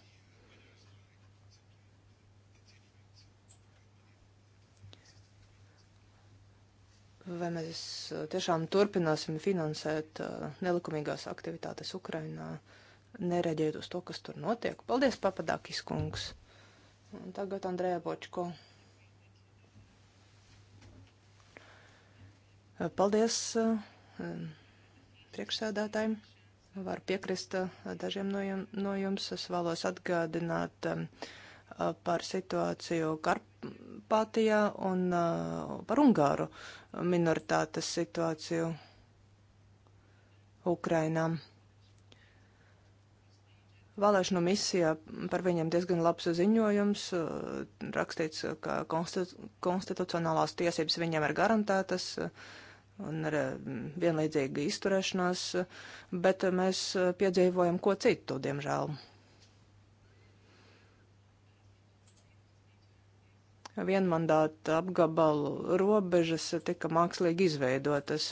[SPEAKER 3] vai mēs uh, tiešām turpināsim finansēt uh, nelikumīgās aktivitātes Ukrainā, nereģēt uz to, kas tur notiek. Paldies, Papadakis kungs! Un tagad Andrēja Bočko. Uh, paldies um, priekšsēdētājiem. Varu piekrist dažiem no jums. Es vēlos atgādināt um, par situāciju Karp Karpātijā un uh, par Ungāru minoritātes situāciju Ukrainā. Vēlēšanu misijā par viņiem diezgan labs ziņojums, uh, rakstīts, ka konstitucionālās tiesības viņiem ir garantētas. Uh, un ar mm, vienlīdzīgu izturēšanos, uh, bet uh, mēs uh, piedzīvojam ko citu, diemžēl. vienmandāta apgabalu robežas tika mākslīgi izveidotas.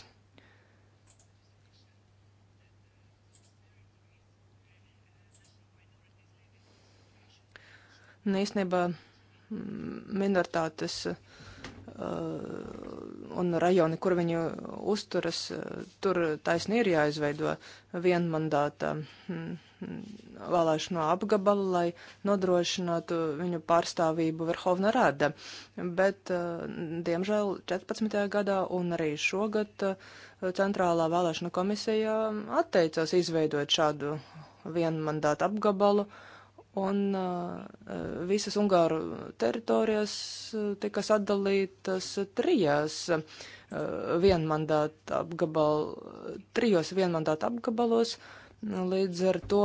[SPEAKER 3] Un īstenībā mm, minoritātes uh, un rajoni, kur viņi uzturas, uh, tur taisni ir jāizveido vienmandāta. Uh, vēlēšanu apgabalu, lai nodrošinātu viņu pārstāvību Verhovna Rada. Bet, eh, diemžēl, 14. gadā un arī šogad eh, Centrālā vēlēšana komisija atteicās izveidot šādu vienmandātu apgabalu, un eh, visas Ungāru teritorijas tika sadalītas trijās vienmandātu apgabalu, trijos vienmandātu apgabalos Līdz ar to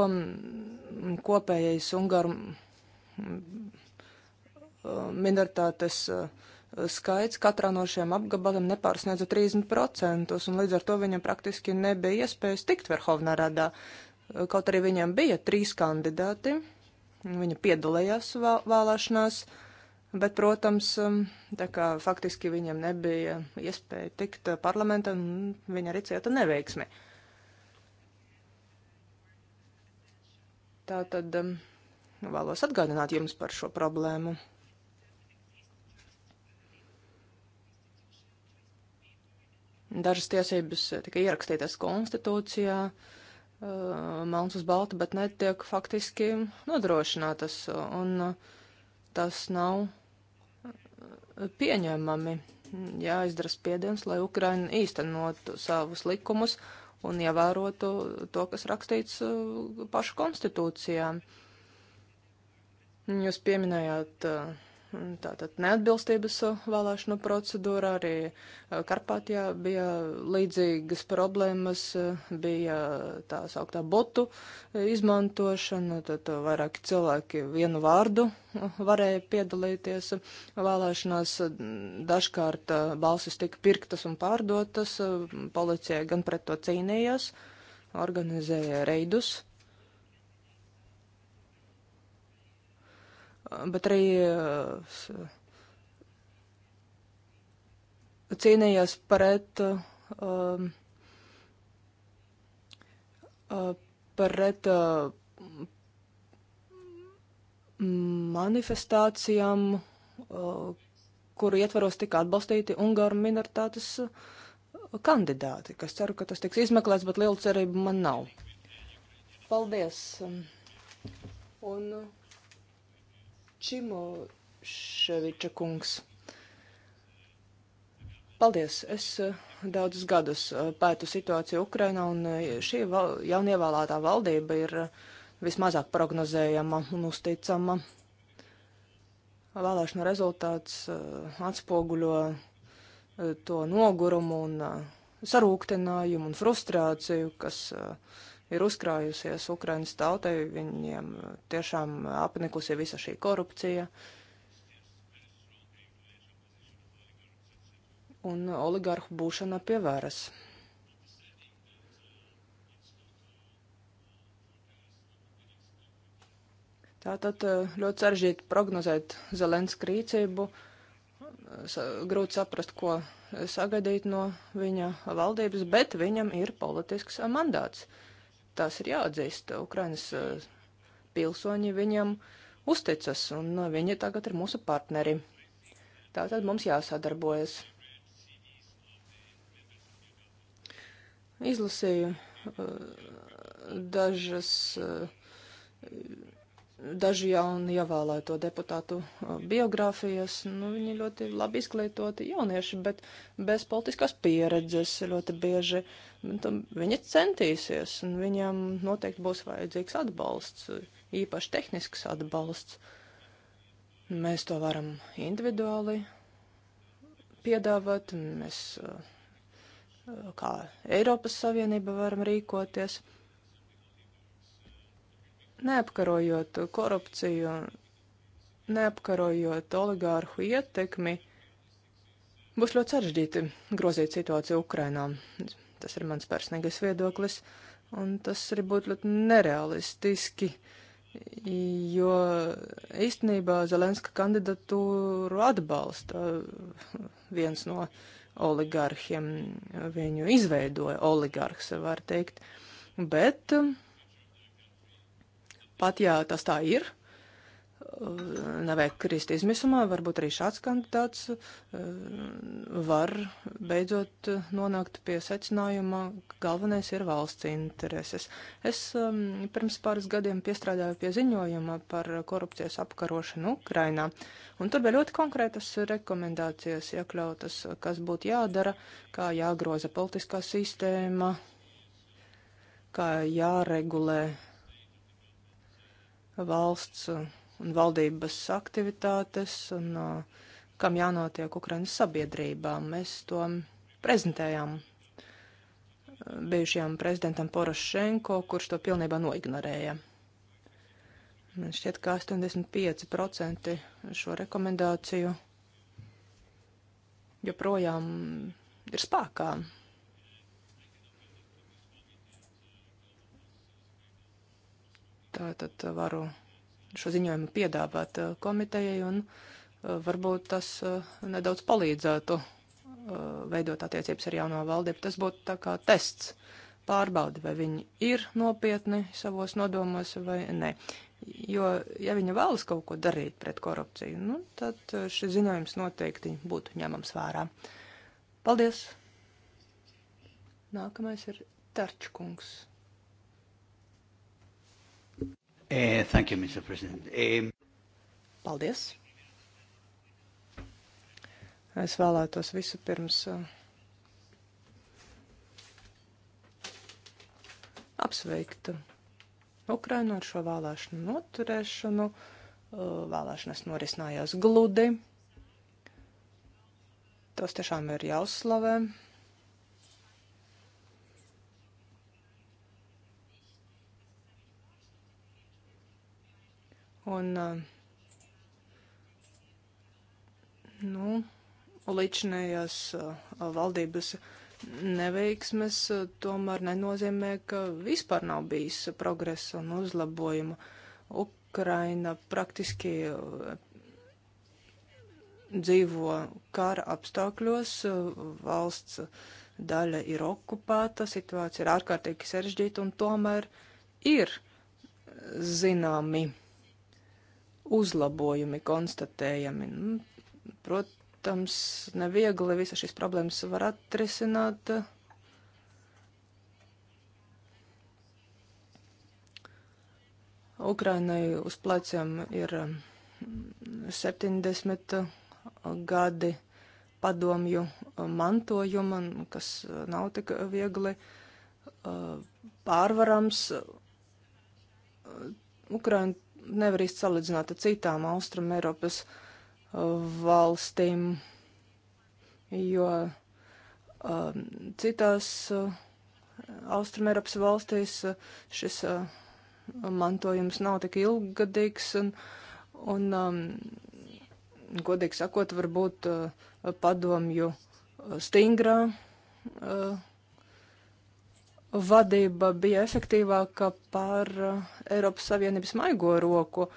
[SPEAKER 3] kopējais Ungaru minoritātes e, skaits katrā no šiem apgabaliem nepārsniedza 30%, un līdz ar to viņam praktiski nebija iespējas tikt Verhovnā radā. E, kaut arī viņam bija trīs kandidāti, viņa piedalījās vēlēšanās, bet, protams, e, tā kā faktiski viņam nebija iespēja tikt parlamentam, viņa arī cieta neveiksmi. Uh, Tā tad um, vēlos atgādināt jums par šo problēmu. Dažas tiesības tika ierakstītas konstitūcijā, uh, melns uz balta, bet netiek faktiski nodrošinātas, un uh, tas nav uh, pieņemami. Jāizdara spiediens, lai Ukraina īstenotu savus likumus. Uh, un ievērotu to, kas rakstīts uh, pašu konstitūcijā. Jūs pieminējāt uh, Tātad neatbilstības uh, vēlēšanu procedūra arī uh, Karpātijā bija līdzīgas problēmas, uh, bija tā sauktā botu izmantošana, tad vairāki cilvēki vienu vārdu varēja piedalīties vēlēšanās. Dažkārt balsis tika pirktas un pārdotas, policija gan pret to cīnījās, organizēja reidus bet arī eh, cīnījās pret, um, pret um, manifestācijām, um, kuru ietvaros tika atbalstīti Ungāru minoritātes kandidāti, kas ceru, ka tas tiks izmeklēts, bet lielu cerību man nav. Paldies! Un, Čimoševiča kungs. Paldies! Es eh, daudzus gadus eh, pētu situāciju Ukrainā, un eh, šī val jaunievēlētā valdība ir vismazāk prognozējama un uzticama. Vēlēšana rezultāts atspoguļo to nogurumu un sarūktinājumu un frustrāciju, kas uh, ir uzkrājusies Ukrainas tautai, viņiem tiešām apnikusi visa šī korupcija. Un oligarhu būšana pie varas. Tātad eh, ļoti sarežģīti prognozēt Zelenska rīcību, grūti saprast, ko sagaidīt no viņa valdības, bet viņam ir politisks mandāts. Uh, tās ir jāatzīst. Ukrainas eh, pilsoņi viņam uzticas, un eh, viņi tagad ir mūsu partneri. Tātad mums jāsadarbojas. Izlasīju eh, dažas daži jauni ievēlēto deputātu uh, biogrāfijas, nu, viņi ļoti labi izglītoti jaunieši, bet bez politiskās pieredzes ļoti bieži. Nu, viņi centīsies, un viņiem noteikti būs vajadzīgs atbalsts, īpaši tehnisks atbalsts. Mēs to varam individuāli piedāvāt, mēs uh, uh, kā Eiropas Savienība varam rīkoties neapkarojot korupciju, neapkarojot oligārhu ietekmi, būs ļoti sarežģīti grozīt situāciju Ukrainā. Tas ir mans personīgais viedoklis, un tas arī būtu ļoti nerealistiski, jo īstenībā Zelenska kandidatūru atbalsta viens no oligarhiem, viņu izveidoja oligarhs, var teikt, bet pat ja tas tā ir, nevajag krist izmisumā, varbūt arī šāds kandidāts eh, var beidzot nonākt pie secinājuma, ka galvenais ir valsts intereses. Es ehm, pirms pāris gadiem piestrādāju pie ziņojuma par korupcijas apkarošanu Ukrainā, un tur bija ļoti konkrētas rekomendācijas iekļautas, kas būtu jādara, kā jāgroza politiskā sistēma, kā jāregulē valsts un valdības aktivitātes un uh, kam jānotiek Ukrainas sabiedrībā. Mēs to prezentējām uh, bijušajam prezidentam Porošenko, kurš to pilnībā noignorēja. Man šķiet, ka 85% šo rekomendāciju joprojām ir spēkā. Tātad varu šo ziņojumu piedāvāt uh, komitejai un uh, varbūt tas uh, nedaudz palīdzētu veidot attiecības ar jauno valdību. Tas būtu tā kā tests, pārbaudi, vai viņi ir nopietni savos nodomos vai nē. Jo, ja viņi vēlas kaut ko darīt pret korupciju, nu, tad šis ziņojums noteikti būtu ņemams vērā. Paldies! Nākamais ir Tarčkungs.
[SPEAKER 1] Uh, thank you, Mr. President. Um...
[SPEAKER 3] Paldies. Es vēlētos visu pirms uh, apsveikt uh, Ukrainu ar šo vēlēšanu noturēšanu. Uh, vēlēšanas norisinājās gludi. Tas tiešām ir jāuzslavē. Un, eh, nu, līdšanējās eh, valdības neveiksmes eh, tomēr nenozīmē, ka vispār nav bijis progresa un uzlabojuma. Ukraina praktiski dzīvo kara apstākļos, valsts daļa ir okupēta, situācija ir ārkārtīgi sarežģīta un tomēr ir zināmi uzlabojumi konstatējami. Nu, protams, neviegli visas šīs problēmas var atrisināt. Ukrainai uz pleciem ir 70 mm, gadi padomju mantojuma, kas nav tik viegli pārvarams. Ukraina nevar īsti salīdzināt ar citām Austrum Eiropas uh, valstīm, jo um, citās uh, Austrum Eiropas valstīs uh, šis uh, mantojums nav tik ilggadīgs un, un um, godīgi sakot, varbūt uh, padomju uh, stingrā. Uh, vadība bija efektīvāka par eh, Eiropas Savienības maigo roku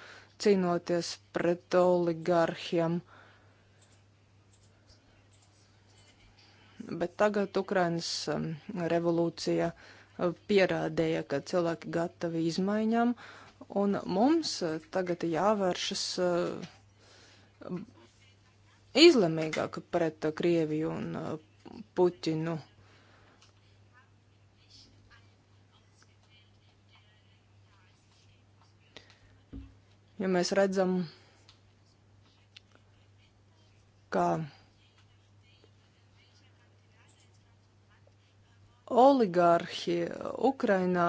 [SPEAKER 3] cīnoties pret oligarhiem. Bet tagad Ukrainas revolūcija eh, pierādīja, ka cilvēki gatavi izmaiņām, un mums eh, tagad jāvēršas izlemīgāk pret Krieviju un Putinu. Uh, ja mēs redzam, ka oligārhi Ukrainā,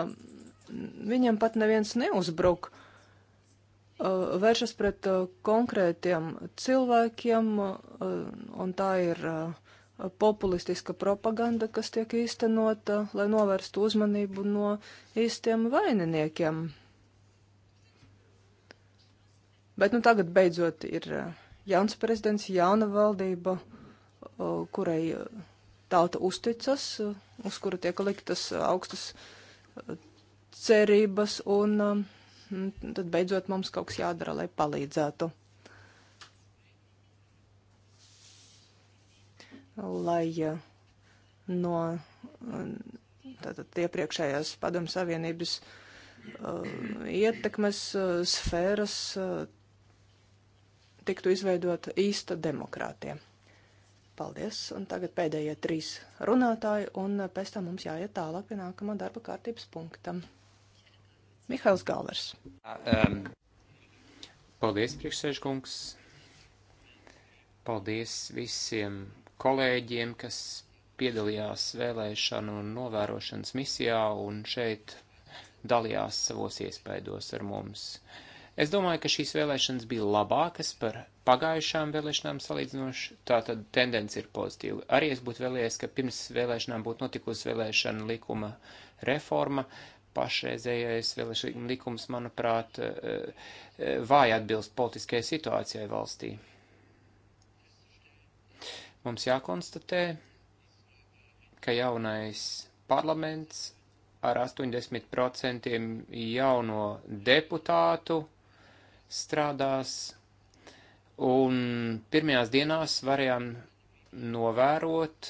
[SPEAKER 3] viņiem pat neviens neuzbruk, uh, vēršas pret uh, konkrētiem cilvēkiem, uh, un tā ir populistiska propaganda, kas tiek īstenota, lai novērstu uzmanību no īstiem vaininiekiem. Bet nu, tagad beidzot ir eh, jauns prezidents, jauna valdība, kurai eh, tauta uzticas, eh, uz kura tiek liktas augstas cerības, un um, tad beidzot mums kaut kas jādara, lai palīdzētu. Lai no tātad iepriekšējās padomu savienības uh, ietekmes uh, sfēras uh, tiktu izveidota īsta demokrātija. Paldies, un tagad pēdējie trīs runātāji, un pēc tam mums jāiet tālāk pie nākamā darba kārtības punkta. Mihails Galvers.
[SPEAKER 1] Um, paldies, priekšsēžkungs. Paldies visiem kolēģiem, kas piedalījās vēlēšanu un novērošanas misijā un šeit dalījās savos iespaidos ar mums. Uh, Es domāju, ka šīs vēlēšanas bija labākas par pagājušām vēlēšanām salīdzinoši, tātad tendence ir pozitīva. Arī es būtu vēlējies, ka pirms vēlēšanām būtu notikusi vēlēšana likuma reforma. Pašreizējais vēlēšana likums, manuprāt, eh, eh, vāji atbilst politiskajai situācijai valstī. Mums jākonstatē, ka jaunais parlaments ar 80% jauno deputātu strādās, un pirmajās dienās varējām novērot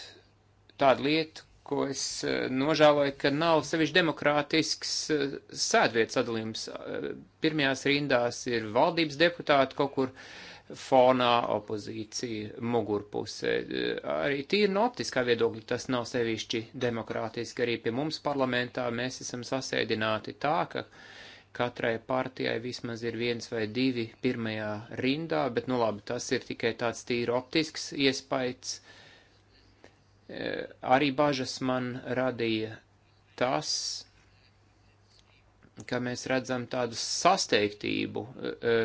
[SPEAKER 1] tādu lietu, ko es eh, nožēloju, ka nav sevišķi demokrātisks eh, sēdvietas sadalījums. Eh, pirmajās rindās ir valdības deputāti kaut kur fonā opozīcija mugurpusē. Arī tīri no optiskā viedokļa tas nav sevišķi demokrātiski. Arī pie mums parlamentā mēs esam sasēdināti tā, ka uh, Katrai partijai vismaz ir viens vai divi pirmajā rindā, bet nu labi, tas ir tikai tāds tīri optisks iespējas. E, arī bažas man radīja tas, ka mēs redzam tādu sasteigtību e, e,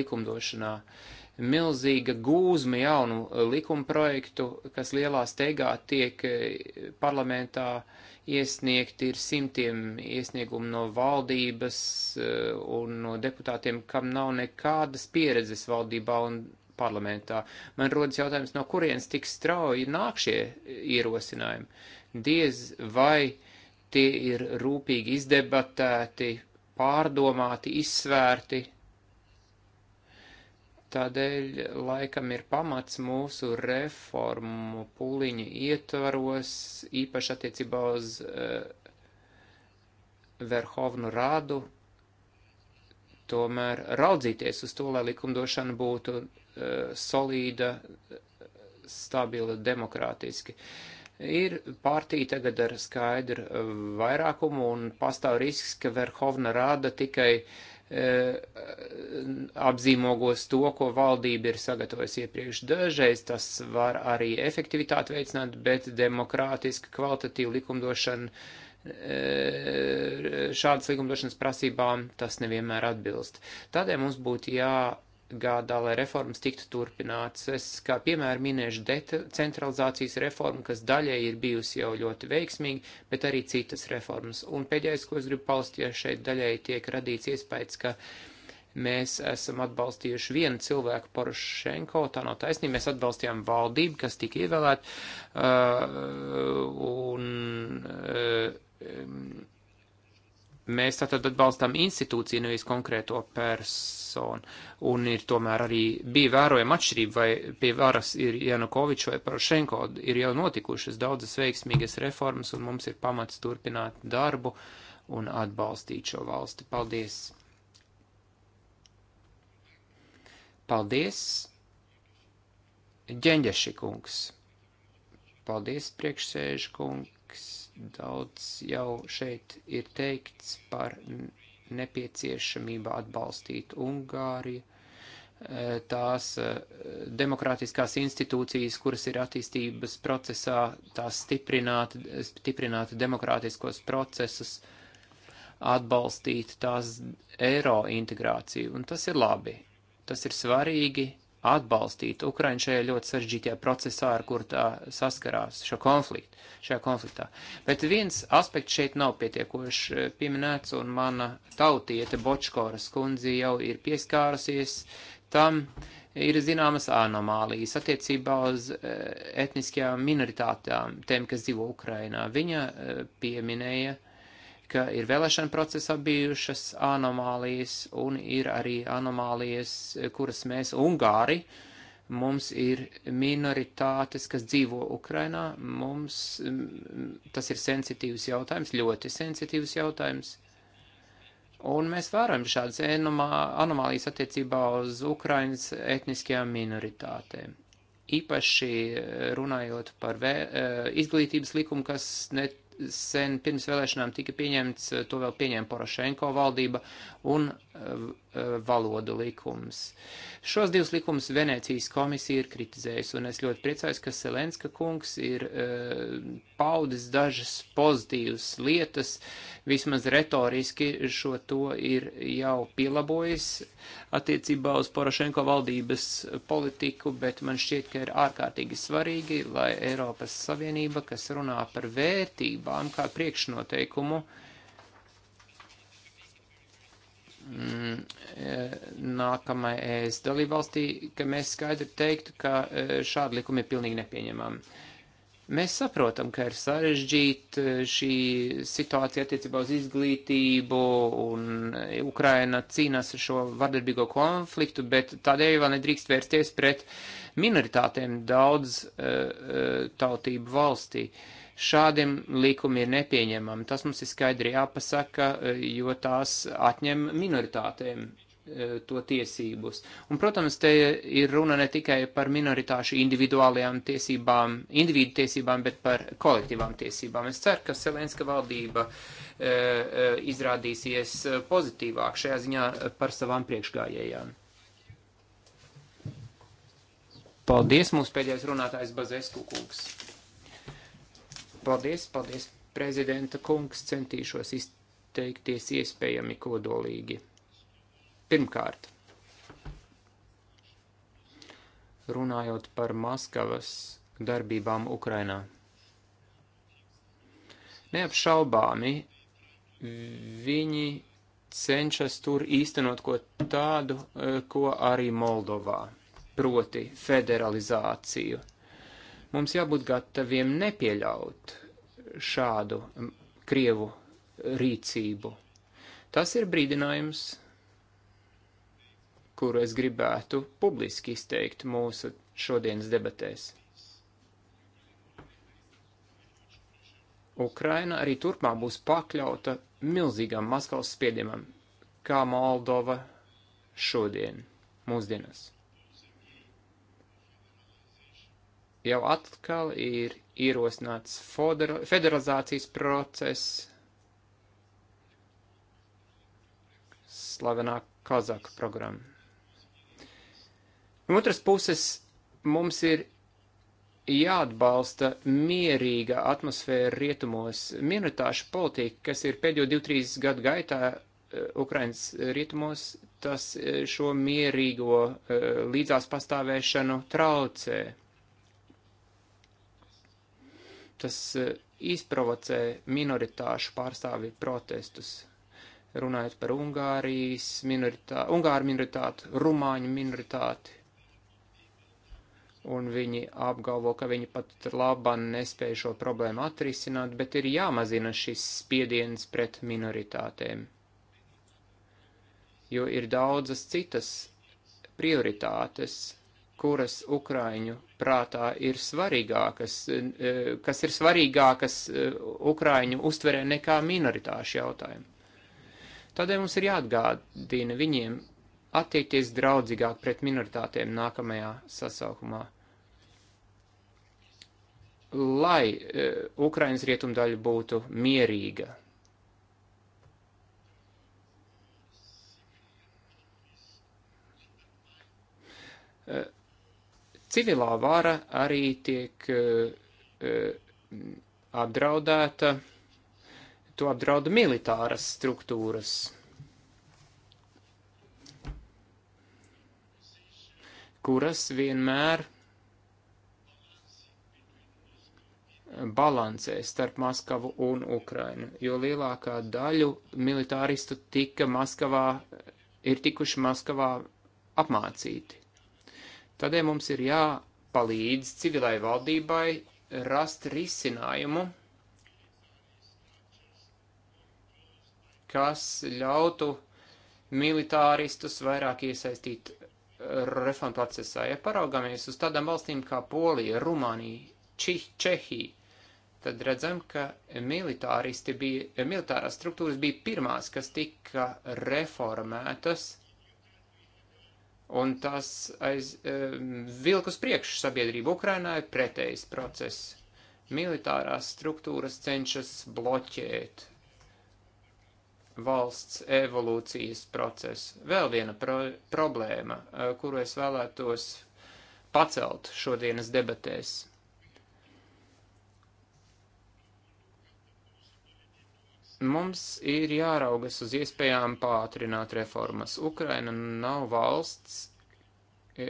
[SPEAKER 1] likumdošanā. Uh, milzīga gūzma jaunu uh, likuma projektu, kas lielā steigā tiek uh, parlamentā iesniegti, ir simtiem iesniegumu no valdības uh, un no deputātiem, kam nav nekādas pieredzes valdībā un parlamentā. Man rodas jautājums, no kurienes tik strauji nāk šie ierosinājumi. Diez vai tie ir rūpīgi izdebatēti, pārdomāti, izsvērti, Tādēļ laikam ir pamats mūsu reformu pūliņu ietvaros, īpaši attiecībā uz uh, Verhovnu rādu, tomēr raudzīties uz to, lai likumdošana būtu uh, solīda, stabila, demokrātiski. Ir partija tagad ar skaidru eh, vairākumu un pastāv risks, ka Verhovna rāda tikai uh, E, apzīmogos to, ko valdība ir sagatavojusi iepriekš. Dažreiz tas var arī efektivitāti veicināt, bet demokrātiski kvalitatīva likumdošana e, šādas likumdošanas prasībām tas nevienmēr atbilst. Tādēļ mums būtu jā jāpiegādā, lai reformas tiktu turpināts. Es kā piemēru minēšu decentralizācijas reformu, kas daļai ir bijusi jau ļoti veiksmīga, bet arī citas reformas. Un pēdējais, ko es gribu paust, ja šeit daļai tiek radīts iespējas, ka mēs esam atbalstījuši vienu cilvēku, Porošenko, tā nav taisnība, mēs atbalstījām valdību, kas tika ievēlēta, uh, un uh, Mēs tātad atbalstām institūciju, nevis konkrēto personu, un ir tomēr arī bija vērojama atšķirība, vai pie varas ir Janukovičs vai Parošenko, ir jau notikušas daudzas veiksmīgas reformas, un mums ir pamats turpināt darbu un atbalstīt šo valsti. Paldies! Paldies, Ģenģeši kungs! Paldies, priekšsēžu kungs! Daudz jau šeit ir teikts par nepieciešamību atbalstīt Ungāriju, e, tās e, demokrātiskās institūcijas, kuras ir attīstības procesā, tās stiprināt, stiprināt demokrātiskos procesus, atbalstīt tās eiro integrāciju. Un tas ir labi. Tas ir svarīgi atbalstīt Ukraiņu šajā ļoti sarežģītajā procesā, ar kur tā saskarās šo konfliktu, šajā konfliktā. Bet viens aspekts šeit nav pietiekoši eh, pieminēts, un mana tautiete Bočkoras kundze jau ir pieskārusies tam, ir zināmas anomālijas attiecībā uz eh, etniskajām minoritātām, tiem, kas dzīvo Ukrainā. Viņa eh, pieminēja ka ir vēlēšana procesā bijušas anomālijas un ir arī anomālijas, kuras mēs, Ungāri, mums ir minoritātes, kas dzīvo Ukrainā, mums tas ir sensitīvs jautājums, ļoti sensitīvs jautājums. Un mēs varam šādas anomālijas attiecībā uz Ukrainas etniskajām minoritātēm. Īpaši runājot par vē, e, izglītības likumu, kas ne sen pirms vēlēšanām tika pieņemts, to vēl pieņēma Porošenko valdība, un eh, E, valodu likums. Šos divus likumus Venecijas komisija ir kritizējusi, un es ļoti priecājos, ka Selenska kungs ir e, paudis dažas pozitīvas lietas, vismaz retoriski šo to ir jau pielabojis attiecībā uz Porošenko valdības politiku, bet man šķiet, ka ir ārkārtīgi svarīgi, lai Eiropas Savienība, kas runā par vērtībām kā priekšnoteikumu, uh, Mm, e, nākamai ES dalībvalstī, ka mēs skaidri teiktu, ka e, šādi likumi ir pilnīgi nepieņemami. Mēs saprotam, ka ir sarežģīta e, šī situācija attiecībā uz izglītību, un Ukraina cīnās ar šo vardarbīgo konfliktu, bet tādēļ vēl nedrīkst vērsties pret minoritātēm daudz uh, tautību valstī. Uh, Šādiem likumi ir nepieņemami. Tas mums ir skaidri jāpasaka, e, jo tās atņem minoritātēm e, to tiesības. Un, protams, te ir runa ne tikai par minoritāšu individuālajām tiesībām, individu tiesībām, bet par kolektīvām tiesībām. Es ceru, ka Selenska valdība e, e, izrādīsies pozitīvāk šajā ziņā par savām priekšgājējām. Paldies, mūsu pēdējais runātājs Bazesku kungs. Paldies, paldies, prezidenta kungs, centīšos izteikties iespējami kodolīgi. Pirmkārt, runājot par Maskavas darbībām Ukrainā. Neapšaubāmi viņi cenšas tur īstenot ko tādu, eh, ko arī Moldovā, proti federalizāciju Mums jābūt gataviem nepieļaut šādu Krievu rīcību. Tas ir brīdinājums, kuru es gribētu publiski izteikt mūsu šodienas debatēs. Ukraina arī turpmāk būs pakļauta milzīgam Maskavas spiedienam, kā Moldova šodien, mūsdienas. jau atkal ir ierosināts federalizācijas process, slavenā Kazaku programma. No otras puses, mums ir jāatbalsta mierīga atmosfēra rietumos, minoritāšu politika, kas ir pēdējo 2-3 gadu gaitā eh, Ukrainas rietumos, tas eh, šo mierīgo eh, līdzās pastāvēšanu traucē tas eh, izprovocē minoritāšu pārstāvi protestus. Runājot par Ungārijas minoritāti, Ungāru minoritāti, Rumāņu minoritāti. Un viņi apgalvo, ka viņi pat labam nespēja šo problēmu atrisināt, bet ir jāmazina šis spiediens pret minoritātēm. Jo ir daudzas citas prioritātes, kuras Ukraiņu prātā ir svarīgākas, e, kas ir svarīgākas e, Ukraiņu uztverē nekā minoritāšu jautājumu. Tādēļ mums ir jāatgādina viņiem attiekties draudzīgāk pret minoritātiem nākamajā sasaukumā, lai e, Ukrainas rietumdaļa būtu mierīga. Uh, Civilā vara arī tiek eh, eh, apdraudēta, to apdrauda militāras struktūras. kuras vienmēr balansē starp Maskavu un Ukrainu, jo lielākā daļu militāristu tika Maskavā, ir tikuši Maskavā apmācīti. Tādēļ mums ir jāpalīdz civilai valdībai rast risinājumu, kas ļautu militāristus vairāk iesaistīt reformu procesā. Ja paraugāmies uz tādām valstīm kā Polija, Rumānija, Čehija, tad redzam, ka militāristi bija, militārās struktūras bija pirmās, kas tika reformētas un tas aiz, vilk uz priekšu sabiedrību. Ukrainā ir pretējs process. Militārās struktūras cenšas bloķēt valsts evolūcijas procesu. Vēl viena pro problēma, eh, kuru es vēlētos pacelt šodienas debatēs Mums ir jāraugas uz iespējām pātrināt reformas. Ukraina nav valsts, e,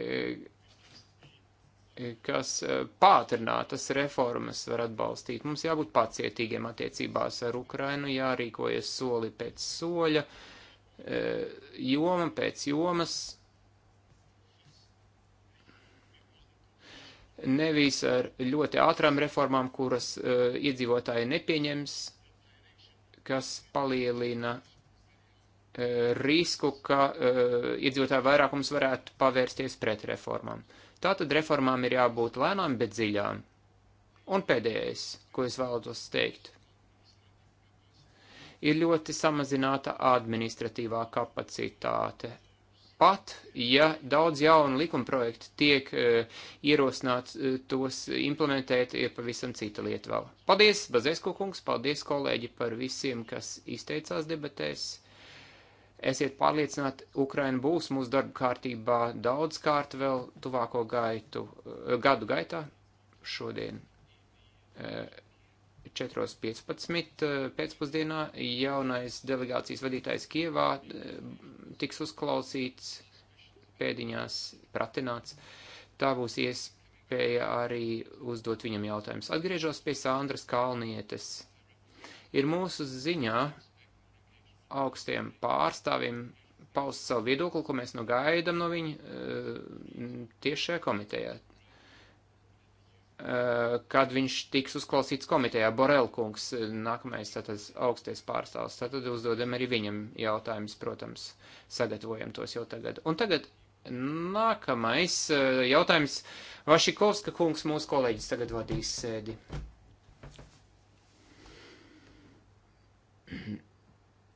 [SPEAKER 1] e, kas e, pātrinātas reformas var atbalstīt. Mums jābūt pacietīgiem attiecībās ar Ukrainu, jārīkojas soli pēc soļa, joma pēc jomas, nevis ar ļoti ātrām reformām, kuras uh, iedzīvotāji nepieņems, kas palielina eh, risku, ka eh, iedzīvotāju vairākums varētu pavērsties pret reformām. Tātad reformām ir jābūt lēnām, bet dziļām. Un pēdējais, ko es vēlos teikt, ir ļoti samazināta administratīvā kapacitāte pat ja daudz jaunu likumprojektu tiek e, ierosināts e, tos implementēt, ir pavisam cita lieta vēl. Paldies, Bazesko kungs, paldies kolēģi par visiem, kas izteicās debatēs. Esiet pārliecināti, Ukraina būs mūsu darba kārtībā daudz kārt vēl tuvāko gaitu, e, gadu gaitā šodien. E, 4.15. Eh, pēcpusdienā jaunais delegācijas vadītājs Kievā eh, tiks uzklausīts pēdiņās pratināts. Tā būs iespēja arī uzdot viņam jautājumus. Atgriežos pie Sandras Kalnietes. Ir mūsu ziņā augstiem pārstāvim paust savu viedokli, ko mēs nu gaidām no viņa eh, tiešajā komitejā. Eh, kad viņš tiks uzklausīts komitejā. Borelkungs, eh, nākamais tātad augstais pārstāvs, tātad uzdodam arī viņam jautājumus, protams, sagatavojam tos jau tagad. Un tagad nākamais eh, jautājums. Vašikovska kungs, mūsu kolēģis, tagad vadīs sēdi.
[SPEAKER 3] *clears throat*